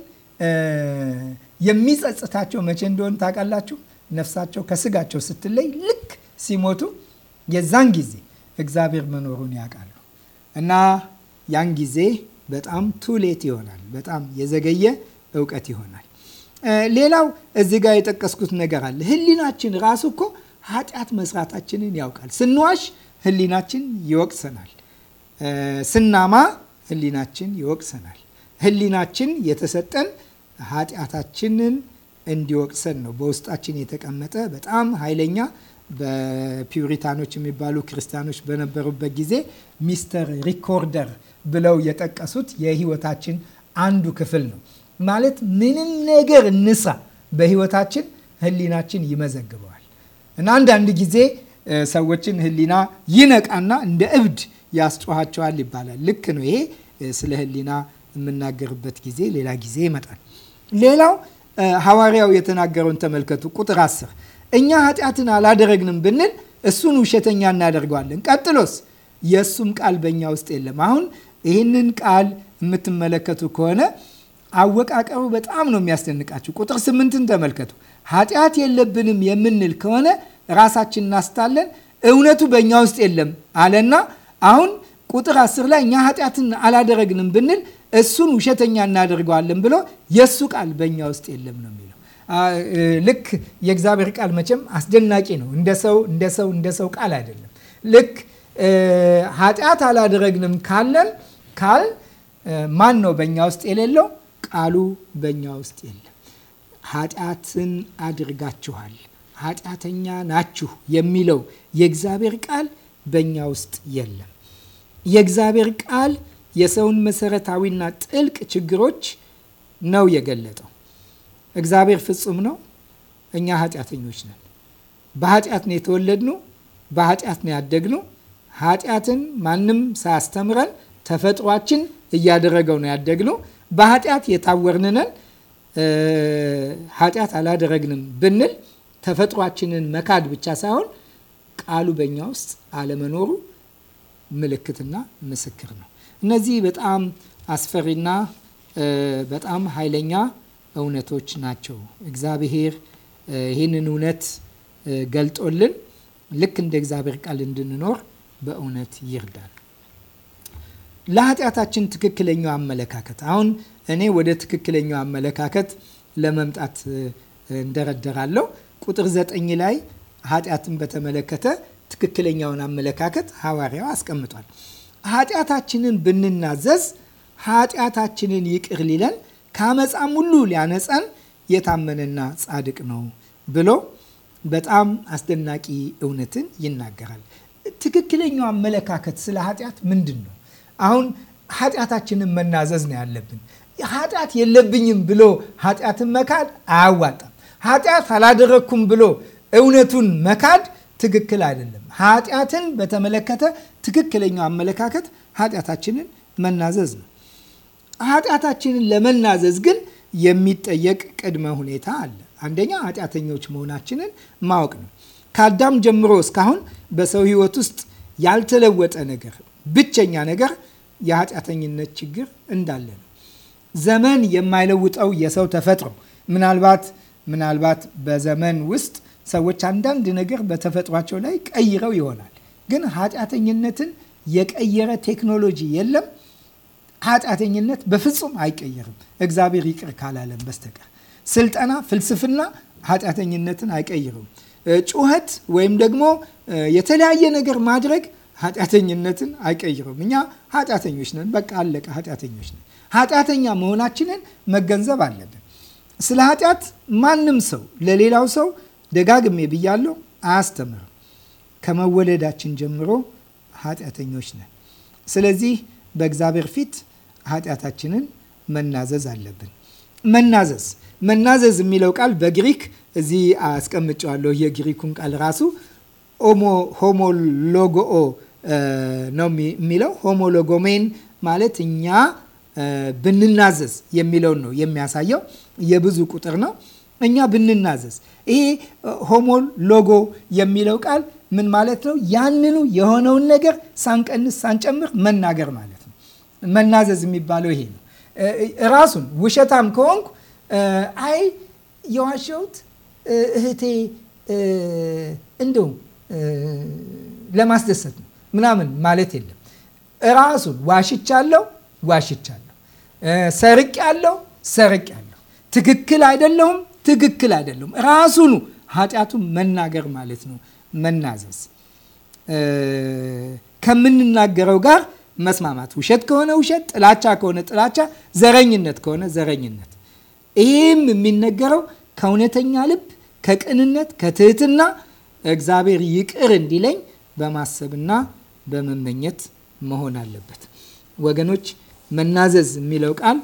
የሚጸጽታቸው መቼ እንደሆነ ታውቃላችሁ? ነፍሳቸው ከስጋቸው ስትለይ ልክ ሲሞቱ የዛን ጊዜ እግዚአብሔር መኖሩን ያውቃሉ እና ያን ጊዜ በጣም ቱሌት ይሆናል። በጣም የዘገየ እውቀት ይሆናል። ሌላው እዚህ ጋር የጠቀስኩት ነገር አለ። ህሊናችን ራሱ እኮ ኃጢአት መስራታችንን ያውቃል። ስንዋሽ ህሊናችን ይወቅሰናል። ስናማ ህሊናችን ይወቅሰናል። ህሊናችን የተሰጠን ኃጢአታችንን እንዲወቅሰን ነው። በውስጣችን የተቀመጠ በጣም ኃይለኛ በፒውሪታኖች የሚባሉ ክርስቲያኖች በነበሩበት ጊዜ ሚስተር ሪኮርደር ብለው የጠቀሱት የህይወታችን አንዱ ክፍል ነው። ማለት ምንም ነገር እንስራ በህይወታችን ህሊናችን ይመዘግበዋል። እና አንዳንድ ጊዜ ሰዎችን ህሊና ይነቃና እንደ እብድ ያስጮኋቸዋል ይባላል። ልክ ነው። ይሄ ስለ ህሊና የምናገርበት ጊዜ ሌላ ጊዜ ይመጣል። ሌላው ሐዋርያው የተናገረውን ተመልከቱ። ቁጥር አስር እኛ ኃጢአትን አላደረግንም ብንል እሱን ውሸተኛ እናደርገዋለን። ቀጥሎስ የእሱም ቃል በእኛ ውስጥ የለም። አሁን ይህንን ቃል የምትመለከቱ ከሆነ አወቃቀሩ በጣም ነው የሚያስደንቃችሁ። ቁጥር ስምንትን ተመልከቱ። ኃጢአት የለብንም የምንል ከሆነ ራሳችን እናስታለን። እውነቱ በእኛ ውስጥ የለም አለና አሁን ቁጥር አስር ላይ እኛ ኃጢአትን አላደረግንም ብንል እሱን ውሸተኛ እናደርገዋለን ብሎ የእሱ ቃል በእኛ ውስጥ የለም ነው የሚለው። ልክ የእግዚአብሔር ቃል መቼም አስደናቂ ነው። እንደ ሰው እንደ ሰው እንደ ሰው ቃል አይደለም። ልክ ኃጢአት አላደረግንም ካለን ካል ማን ነው በእኛ ውስጥ የሌለው? ቃሉ በእኛ ውስጥ የለም። ኃጢአትን አድርጋችኋል፣ ኃጢአተኛ ናችሁ የሚለው የእግዚአብሔር ቃል በእኛ ውስጥ የለም። የእግዚአብሔር ቃል የሰውን መሰረታዊና ጥልቅ ችግሮች ነው የገለጠው። እግዚአብሔር ፍጹም ነው፣ እኛ ኃጢአተኞች ነን። በኃጢአት ነው የተወለድነው፣ በኃጢአት ነው ያደግነው። ኃጢአትን ማንም ሳያስተምረን ተፈጥሯችን እያደረገው ነው ያደግነው። በኃጢአት የታወርንነን ኃጢአት አላደረግንም ብንል ተፈጥሯችንን መካድ ብቻ ሳይሆን ቃሉ በእኛ ውስጥ አለመኖሩ ምልክትና ምስክር ነው። እነዚህ በጣም አስፈሪና በጣም ኃይለኛ እውነቶች ናቸው። እግዚአብሔር ይህንን እውነት ገልጦልን ልክ እንደ እግዚአብሔር ቃል እንድንኖር በእውነት ይርዳል። ለኃጢአታችን ትክክለኛው አመለካከት አሁን እኔ ወደ ትክክለኛው አመለካከት ለመምጣት እንደረደራለሁ። ቁጥር ዘጠኝ ላይ ኃጢአትን በተመለከተ ትክክለኛውን አመለካከት ሐዋርያው አስቀምጧል። ኃጢአታችንን ብንናዘዝ ኃጢአታችንን ይቅር ሊለን ከአመፃም ሁሉ ሊያነፃን የታመነና ጻድቅ ነው ብሎ በጣም አስደናቂ እውነትን ይናገራል። ትክክለኛው አመለካከት ስለ ኃጢአት ምንድን ነው? አሁን ኃጢአታችንን መናዘዝ ነው ያለብን። ኃጢአት የለብኝም ብሎ ኃጢአትን መካድ አያዋጣም። ኃጢአት አላደረግኩም ብሎ እውነቱን መካድ ትክክል አይደለም። ኃጢአትን በተመለከተ ትክክለኛው አመለካከት ኃጢአታችንን መናዘዝ ነው። ኃጢአታችንን ለመናዘዝ ግን የሚጠየቅ ቅድመ ሁኔታ አለ። አንደኛ ኃጢአተኞች መሆናችንን ማወቅ ነው። ከአዳም ጀምሮ እስካሁን በሰው ሕይወት ውስጥ ያልተለወጠ ነገር ብቸኛ ነገር የኃጢአተኝነት ችግር እንዳለ ነው። ዘመን የማይለውጠው የሰው ተፈጥሮ ምናልባት ምናልባት በዘመን ውስጥ ሰዎች አንዳንድ ነገር በተፈጥሯቸው ላይ ቀይረው ይሆናል። ግን ኃጢአተኝነትን የቀየረ ቴክኖሎጂ የለም። ኃጢአተኝነት በፍጹም አይቀየርም፣ እግዚአብሔር ይቅር ካላለን በስተቀር። ስልጠና፣ ፍልስፍና ኃጢአተኝነትን አይቀይርም። ጩኸት ወይም ደግሞ የተለያየ ነገር ማድረግ ኃጢአተኝነትን አይቀይርም። እኛ ኃጢአተኞች ነን፣ በቃ አለቀ፣ ኃጢአተኞች ነን። ኃጢአተኛ መሆናችንን መገንዘብ አለብን። ስለ ኃጢአት ማንም ሰው ለሌላው ሰው ደጋግሜ ብያለሁ፣ አያስተምርም። ከመወለዳችን ጀምሮ ኃጢአተኞች ነን። ስለዚህ በእግዚአብሔር ፊት ኃጢአታችንን መናዘዝ አለብን። መናዘዝ መናዘዝ የሚለው ቃል በግሪክ እዚህ አስቀምጨዋለሁ። የግሪኩን ቃል ራሱ ሆሞሎጎኦ ነው የሚለው ሆሞሎጎሜን ማለት እኛ ብንናዘዝ የሚለውን ነው የሚያሳየው። የብዙ ቁጥር ነው። እኛ ብንናዘዝ ይሄ ሆሞን ሎጎ የሚለው ቃል ምን ማለት ነው? ያንኑ የሆነውን ነገር ሳንቀንስ ሳንጨምር መናገር ማለት ነው። መናዘዝ የሚባለው ይሄ ነው። ራሱን ውሸታም ከሆንኩ አይ የዋሸሁት እህቴ እንደው ለማስደሰት ነው ምናምን ማለት የለም። ራሱን ዋሽቻለሁ ዋሽቻለሁ። ሰርቅ ያለው ሰርቅ ያለው ትክክል አይደለሁም ትክክል አይደለሁም። ራሱኑ ኃጢአቱን መናገር ማለት ነው። መናዘዝ ከምንናገረው ጋር መስማማት፣ ውሸት ከሆነ ውሸት፣ ጥላቻ ከሆነ ጥላቻ፣ ዘረኝነት ከሆነ ዘረኝነት። ይህም የሚነገረው ከእውነተኛ ልብ፣ ከቅንነት፣ ከትህትና እግዚአብሔር ይቅር እንዲለኝ በማሰብና በመመኘት መሆን አለበት ወገኖች። መናዘዝ የሚለው ቃል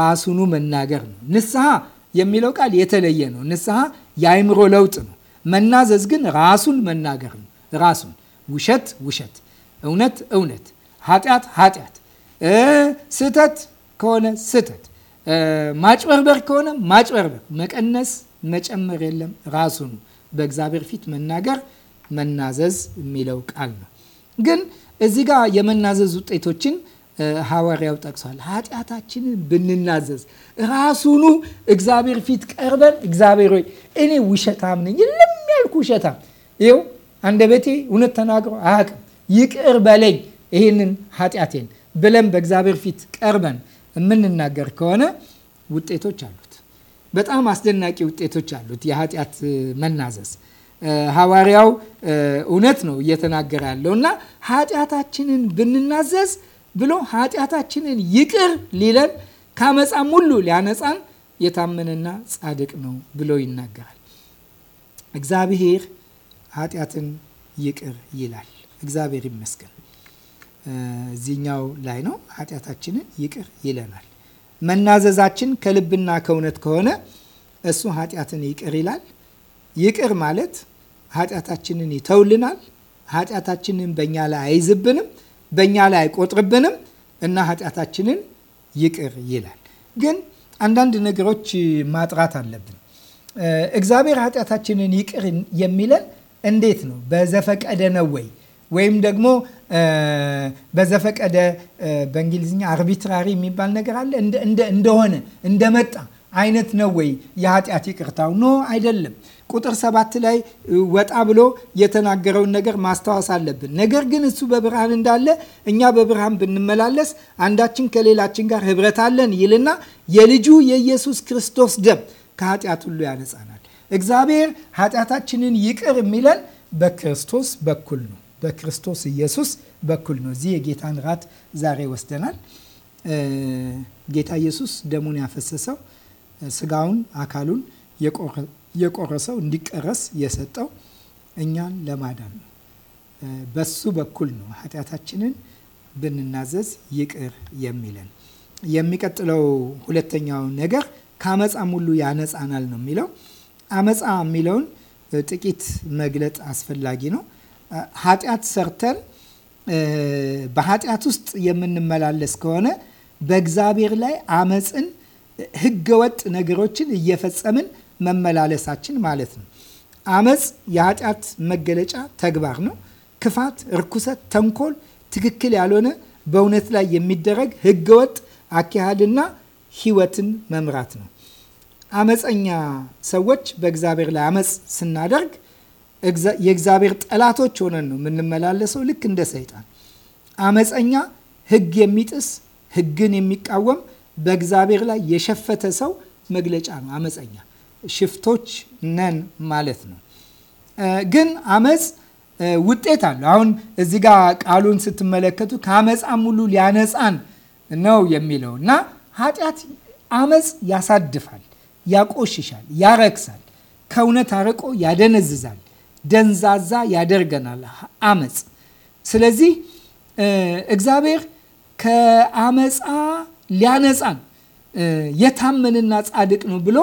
ራሱኑ መናገር ነው። ንስሐ የሚለው ቃል የተለየ ነው። ንስሐ የአይምሮ ለውጥ ነው። መናዘዝ ግን ራሱን መናገር ነው። ራሱን ውሸት ውሸት፣ እውነት እውነት፣ ኃጢአት ኃጢአት፣ ስህተት ከሆነ ስህተት፣ ማጭበርበር ከሆነ ማጭበርበር፣ መቀነስ መጨመር የለም። ራሱኑ በእግዚአብሔር ፊት መናገር መናዘዝ የሚለው ቃል ነው። ግን እዚህ ጋር የመናዘዝ ውጤቶችን ሐዋርያው ጠቅሷል። ኃጢአታችንን ብንናዘዝ ራሱኑ እግዚአብሔር ፊት ቀርበን እግዚአብሔር ሆይ እኔ ውሸታም ነኝ፣ የለም ያልኩ ውሸታም፣ ይኸው አንደበቴ እውነት ተናግሮ አያውቅም፣ ይቅር በለኝ ይህንን ኃጢአቴን ብለን በእግዚአብሔር ፊት ቀርበን የምንናገር ከሆነ ውጤቶች አሉት። በጣም አስደናቂ ውጤቶች አሉት የኃጢአት መናዘዝ። ሐዋርያው እውነት ነው እየተናገረ ያለው እና ኃጢአታችንን ብንናዘዝ ብሎ ኃጢአታችንን ይቅር ሊለን ከአመፃም ሁሉ ሊያነፃን የታመነና ጻድቅ ነው ብሎ ይናገራል። እግዚአብሔር ኃጢአትን ይቅር ይላል። እግዚአብሔር ይመስገን። እዚህኛው ላይ ነው ኃጢአታችንን ይቅር ይለናል። መናዘዛችን ከልብና ከእውነት ከሆነ እሱ ኃጢአትን ይቅር ይላል። ይቅር ማለት ኃጢአታችንን ይተውልናል። ኃጢአታችንን በእኛ ላይ አይዝብንም። በእኛ ላይ አይቆጥርብንም እና ኃጢአታችንን ይቅር ይላል። ግን አንዳንድ ነገሮች ማጥራት አለብን። እግዚአብሔር ኃጢአታችንን ይቅር የሚለን እንዴት ነው? በዘፈቀደ ነው ወይ? ወይም ደግሞ በዘፈቀደ በእንግሊዝኛ አርቢትራሪ የሚባል ነገር አለ። እንደሆነ እንደመጣ አይነት ነው ወይ የኃጢአት ይቅርታው? ኖ አይደለም። ቁጥር ሰባት ላይ ወጣ ብሎ የተናገረውን ነገር ማስታወስ አለብን። ነገር ግን እሱ በብርሃን እንዳለ እኛ በብርሃን ብንመላለስ አንዳችን ከሌላችን ጋር ህብረት አለን ይልና የልጁ የኢየሱስ ክርስቶስ ደም ከኃጢአት ሁሉ ያነጻናል። እግዚአብሔር ኃጢአታችንን ይቅር የሚለን በክርስቶስ በኩል ነው። በክርስቶስ ኢየሱስ በኩል ነው። እዚህ የጌታን ራት ዛሬ ወስደናል። ጌታ ኢየሱስ ደሙን ያፈሰሰው ስጋውን አካሉን የቆረሰው እንዲቀረስ የሰጠው እኛን ለማዳን ነው። በሱ በኩል ነው ኃጢአታችንን ብንናዘዝ ይቅር የሚለን። የሚቀጥለው ሁለተኛው ነገር ከአመፃም ሁሉ ያነጻናል ነው የሚለው። አመፃ የሚለውን ጥቂት መግለጥ አስፈላጊ ነው። ኃጢአት ሰርተን በኃጢአት ውስጥ የምንመላለስ ከሆነ በእግዚአብሔር ላይ አመፅን፣ ህገወጥ ነገሮችን እየፈጸምን መመላለሳችን ማለት ነው። አመፅ የኃጢአት መገለጫ ተግባር ነው። ክፋት፣ እርኩሰት፣ ተንኮል፣ ትክክል ያልሆነ በእውነት ላይ የሚደረግ ህገወጥ አካሄድና ህይወትን መምራት ነው። አመፀኛ ሰዎች በእግዚአብሔር ላይ አመፅ ስናደርግ የእግዚአብሔር ጠላቶች ሆነን ነው የምንመላለሰው። ልክ እንደ ሰይጣን አመፀኛ ህግ የሚጥስ ህግን የሚቃወም በእግዚአብሔር ላይ የሸፈተ ሰው መግለጫ ነው አመፀኛ ሽፍቶች ነን ማለት ነው። ግን አመፅ ውጤት አለው። አሁን እዚ ጋ ቃሉን ስትመለከቱ ከአመፃም ሁሉ ሊያነፃን ነው የሚለው እና ኃጢአት አመፅ ያሳድፋል፣ ያቆሽሻል፣ ያረክሳል፣ ከእውነት አርቆ ያደነዝዛል፣ ደንዛዛ ያደርገናል አመፅ። ስለዚህ እግዚአብሔር ከአመፃ ሊያነፃን የታመንና ጻድቅ ነው ብሎ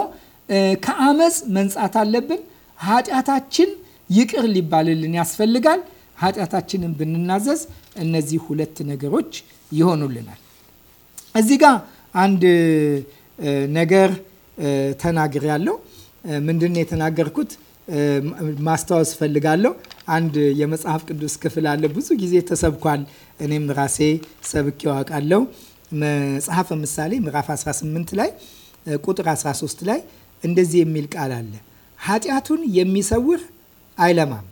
ከአመፅ መንጻት አለብን። ኃጢአታችን ይቅር ሊባልልን ያስፈልጋል። ኃጢአታችንን ብንናዘዝ እነዚህ ሁለት ነገሮች ይሆኑልናል። እዚህ ጋር አንድ ነገር ተናግር ያለው ምንድን የተናገርኩት? ማስታወስ ፈልጋለሁ አንድ የመጽሐፍ ቅዱስ ክፍል አለ፣ ብዙ ጊዜ ተሰብኳል፣ እኔም ራሴ ሰብኬው አውቃለሁ። መጽሐፈ ምሳሌ ምዕራፍ 18 ላይ ቁጥር 13 ላይ እንደዚህ የሚል ቃል አለ። ኃጢአቱን የሚሰውር አይለማም።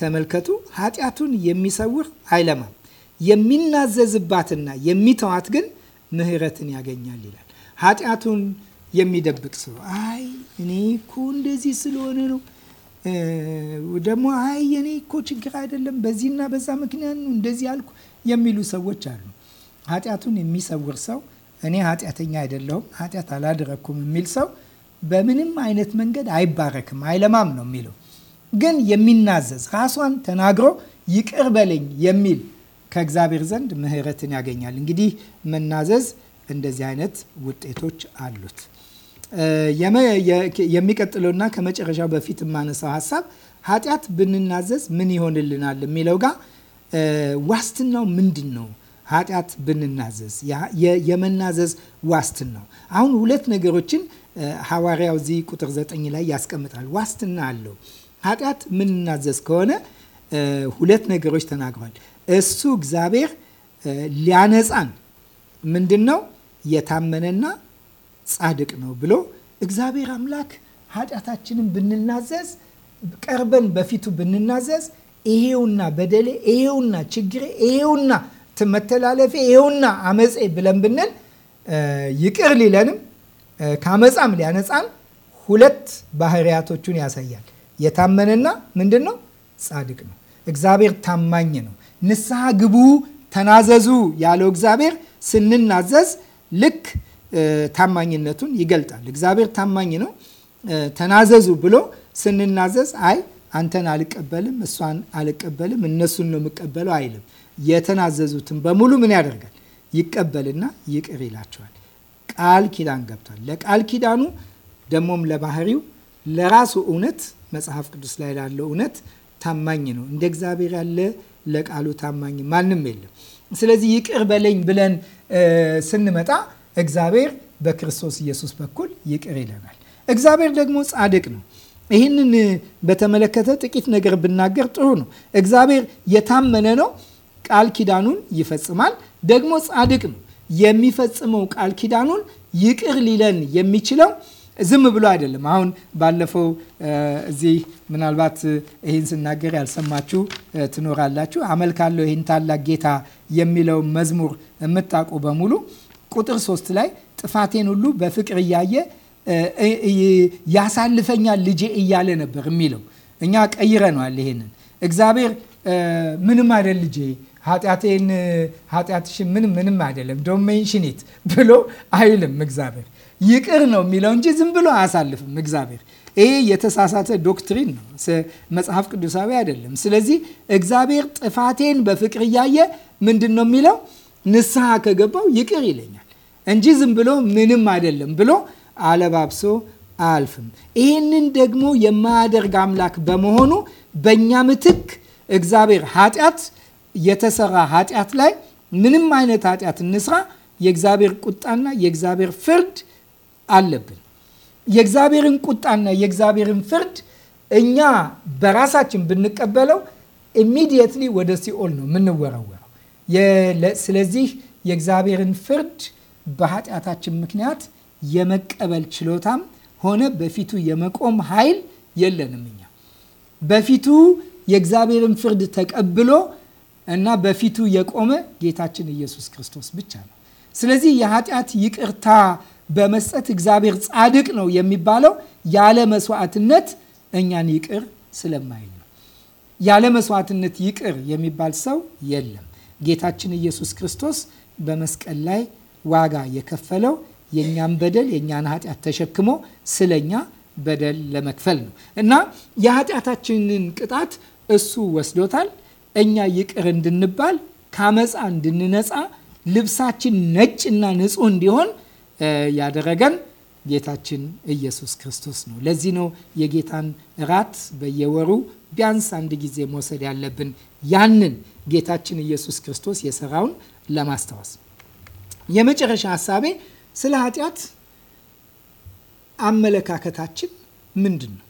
ተመልከቱ፣ ኃጢአቱን የሚሰውር አይለማም፣ የሚናዘዝባትና የሚተዋት ግን ምሕረትን ያገኛል ይላል። ኃጢአቱን የሚደብቅ ሰው አይ እኔ እኮ እንደዚህ ስለሆነ ነው ደግሞ አይ የኔ እኮ ችግር አይደለም፣ በዚህና በዛ ምክንያት ነው እንደዚህ አልኩ የሚሉ ሰዎች አሉ። ኃጢአቱን የሚሰውር ሰው እኔ ኃጢአተኛ አይደለሁም ኃጢአት አላደረግኩም የሚል ሰው በምንም አይነት መንገድ አይባረክም፣ አይለማም ነው የሚለው። ግን የሚናዘዝ ራሷን ተናግሮ ይቅር በለኝ የሚል ከእግዚአብሔር ዘንድ ምሕረትን ያገኛል። እንግዲህ መናዘዝ እንደዚህ አይነት ውጤቶች አሉት። የሚቀጥለውና ከመጨረሻው በፊት የማነሳው ሀሳብ ኃጢአት ብንናዘዝ ምን ይሆንልናል የሚለው ጋር ዋስትናው ምንድን ነው? ኃጢአት ብንናዘዝ የመናዘዝ ዋስትን ነው። አሁን ሁለት ነገሮችን ሐዋርያው እዚህ ቁጥር ዘጠኝ ላይ ያስቀምጣል። ዋስትና አለው። ኃጢአት ምንናዘዝ ከሆነ ሁለት ነገሮች ተናግሯል። እሱ እግዚአብሔር ሊያነጻን ምንድን ነው የታመነና ጻድቅ ነው ብሎ እግዚአብሔር አምላክ ኃጢአታችንን ብንናዘዝ ቀርበን በፊቱ ብንናዘዝ ይሄውና በደሌ ይሄውና ችግሬ ይሄውና መተላለፌ ይኸውና አመፄ ብለን ብንል ይቅር ሊለንም ከአመፃም ሊያነፃን ሁለት ባህሪያቶቹን ያሳያል። የታመነና ምንድን ነው? ጻድቅ ነው። እግዚአብሔር ታማኝ ነው። ንስሐ ግቡ፣ ተናዘዙ ያለው እግዚአብሔር ስንናዘዝ ልክ ታማኝነቱን ይገልጣል። እግዚአብሔር ታማኝ ነው፣ ተናዘዙ ብሎ ስንናዘዝ አይ አንተን አልቀበልም፣ እሷን አልቀበልም፣ እነሱን ነው የምቀበለው አይልም። የተናዘዙትን በሙሉ ምን ያደርጋል? ይቀበልና ይቅር ይላቸዋል። ቃል ኪዳን ገብቷል። ለቃል ኪዳኑ ደግሞም ለባህሪው ለራሱ እውነት መጽሐፍ ቅዱስ ላይ ላለው እውነት ታማኝ ነው። እንደ እግዚአብሔር ያለ ለቃሉ ታማኝ ማንም የለም። ስለዚህ ይቅር በለኝ ብለን ስንመጣ እግዚአብሔር በክርስቶስ ኢየሱስ በኩል ይቅር ይለናል። እግዚአብሔር ደግሞ ጻድቅ ነው። ይህንን በተመለከተ ጥቂት ነገር ብናገር ጥሩ ነው። እግዚአብሔር የታመነ ነው። ቃል ኪዳኑን ይፈጽማል። ደግሞ ጻድቅ ነው። የሚፈጽመው ቃል ኪዳኑን ይቅር ሊለን የሚችለው ዝም ብሎ አይደለም። አሁን ባለፈው እዚህ ምናልባት ይህን ስናገር ያልሰማችሁ ትኖራላችሁ። አመልካለሁ ይህን ታላቅ ጌታ የሚለው መዝሙር የምታውቁ በሙሉ ቁጥር ሶስት ላይ ጥፋቴን ሁሉ በፍቅር እያየ ያሳልፈኛል ልጄ እያለ ነበር የሚለው። እኛ ቀይረነዋል። ይሄንን እግዚአብሔር ምንም አይደል ልጄ ኃጢአቴን ኃጢአትሽን ምንም ምንም አይደለም ዶሜንሽኒት ብሎ አይልም እግዚአብሔር ይቅር ነው የሚለው እንጂ ዝም ብሎ አያሳልፍም እግዚአብሔር። ይሄ የተሳሳተ ዶክትሪን ነው፣ መጽሐፍ ቅዱሳዊ አይደለም። ስለዚህ እግዚአብሔር ጥፋቴን በፍቅር እያየ ምንድን ነው የሚለው? ንስሐ ከገባው ይቅር ይለኛል እንጂ ዝም ብሎ ምንም አይደለም ብሎ አለባብሶ አያልፍም። ይህንን ደግሞ የማያደርግ አምላክ በመሆኑ በእኛ ምትክ እግዚአብሔር ኃጢአት የተሰራ ኃጢአት ላይ ምንም አይነት ኃጢአት እንስራ የእግዚአብሔር ቁጣና የእግዚአብሔር ፍርድ አለብን። የእግዚአብሔርን ቁጣና የእግዚአብሔርን ፍርድ እኛ በራሳችን ብንቀበለው ኢሚዲየትሊ ወደ ሲኦል ነው የምንወረወረው። ስለዚህ የእግዚአብሔርን ፍርድ በኃጢአታችን ምክንያት የመቀበል ችሎታም ሆነ በፊቱ የመቆም ኃይል የለንም። እኛ በፊቱ የእግዚአብሔርን ፍርድ ተቀብሎ እና በፊቱ የቆመ ጌታችን ኢየሱስ ክርስቶስ ብቻ ነው። ስለዚህ የኃጢአት ይቅርታ በመስጠት እግዚአብሔር ጻድቅ ነው የሚባለው ያለ መስዋዕትነት እኛን ይቅር ስለማይል ነው። ያለ መስዋዕትነት ይቅር የሚባል ሰው የለም። ጌታችን ኢየሱስ ክርስቶስ በመስቀል ላይ ዋጋ የከፈለው የእኛን በደል የእኛን ኃጢአት ተሸክሞ ስለኛ በደል ለመክፈል ነው እና የኃጢአታችንን ቅጣት እሱ ወስዶታል። እኛ ይቅር እንድንባል ከአመፃ እንድንነፃ ልብሳችን ነጭና ንጹህ እንዲሆን ያደረገን ጌታችን ኢየሱስ ክርስቶስ ነው። ለዚህ ነው የጌታን እራት በየወሩ ቢያንስ አንድ ጊዜ መውሰድ ያለብን ያንን ጌታችን ኢየሱስ ክርስቶስ የሰራውን ለማስታወስ። የመጨረሻ ሀሳቤ ስለ ኃጢአት አመለካከታችን ምንድን ነው?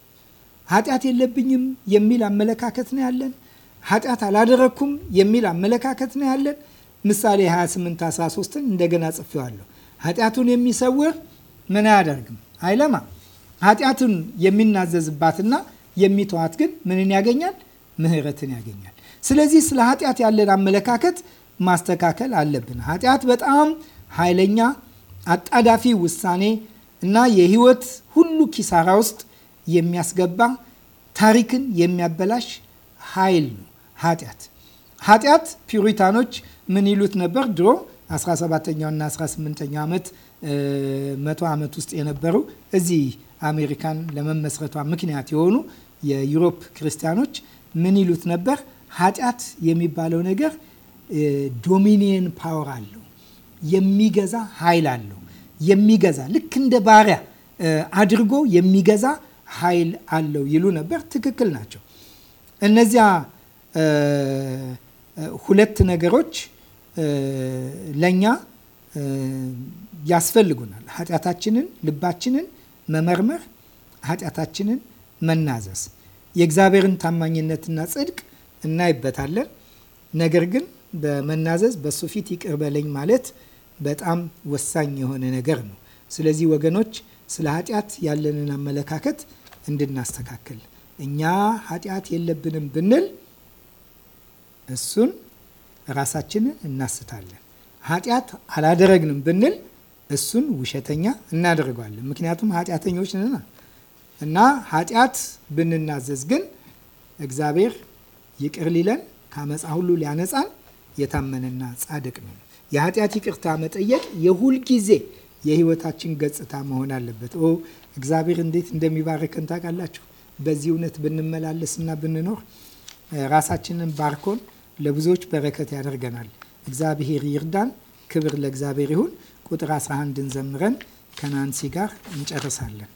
ኃጢአት የለብኝም የሚል አመለካከት ነው ያለን ኃጢአት አላደረግኩም የሚል አመለካከት ነው ያለን። ምሳሌ 28 13ን እንደገና ጽፌዋለሁ። ኃጢአቱን የሚሰውር ምን አያደርግም አይለማ። ኃጢአቱን የሚናዘዝባትና የሚተዋት ግን ምንን ያገኛል? ምህረትን ያገኛል። ስለዚህ ስለ ኃጢአት ያለን አመለካከት ማስተካከል አለብን። ኃጢአት በጣም ኃይለኛ አጣዳፊ ውሳኔ እና የህይወት ሁሉ ኪሳራ ውስጥ የሚያስገባ ታሪክን የሚያበላሽ ኃይል ነው። ኃጢአት ኃጢአት ፒሪታኖች ምን ይሉት ነበር ድሮ 17ኛውና 18ኛው ዓመት መቶ ዓመት ውስጥ የነበሩ እዚህ አሜሪካን ለመመስረቷ ምክንያት የሆኑ የዩሮፕ ክርስቲያኖች ምን ይሉት ነበር? ኃጢአት የሚባለው ነገር ዶሚኒየን ፓወር አለው፣ የሚገዛ ኃይል አለው። የሚገዛ ልክ እንደ ባሪያ አድርጎ የሚገዛ ኃይል አለው ይሉ ነበር። ትክክል ናቸው እነዚያ ሁለት ነገሮች ለእኛ ያስፈልጉናል። ኃጢአታችንን፣ ልባችንን መመርመር፣ ኃጢአታችንን መናዘዝ። የእግዚአብሔርን ታማኝነትና ጽድቅ እናይበታለን። ነገር ግን በመናዘዝ በሱ ፊት ይቅር በለኝ ማለት በጣም ወሳኝ የሆነ ነገር ነው። ስለዚህ ወገኖች ስለ ኃጢአት ያለንን አመለካከት እንድናስተካክል እኛ ኃጢአት የለብንም ብንል እሱን ራሳችንን እናስታለን። ኃጢአት አላደረግንም ብንል እሱን ውሸተኛ እናደርገዋለን። ምክንያቱም ኃጢአተኞች ነና እና ኃጢአት ብንናዘዝ ግን እግዚአብሔር ይቅር ሊለን ከአመፃ ሁሉ ሊያነፃን የታመነና ጻድቅ ነው። የኃጢአት ይቅርታ መጠየቅ የሁልጊዜ የህይወታችን ገጽታ መሆን አለበት። ኦ እግዚአብሔር እንዴት እንደሚባርከን ታውቃላችሁ። በዚህ እውነት ብንመላለስና ብንኖር ራሳችንን ባርኮን ለብዙዎች በረከት ያደርገናል። እግዚአብሔር ይርዳን። ክብር ለእግዚአብሔር ይሁን። ቁጥር 11ን ዘምረን ከናንሲ ጋር እንጨርሳለን።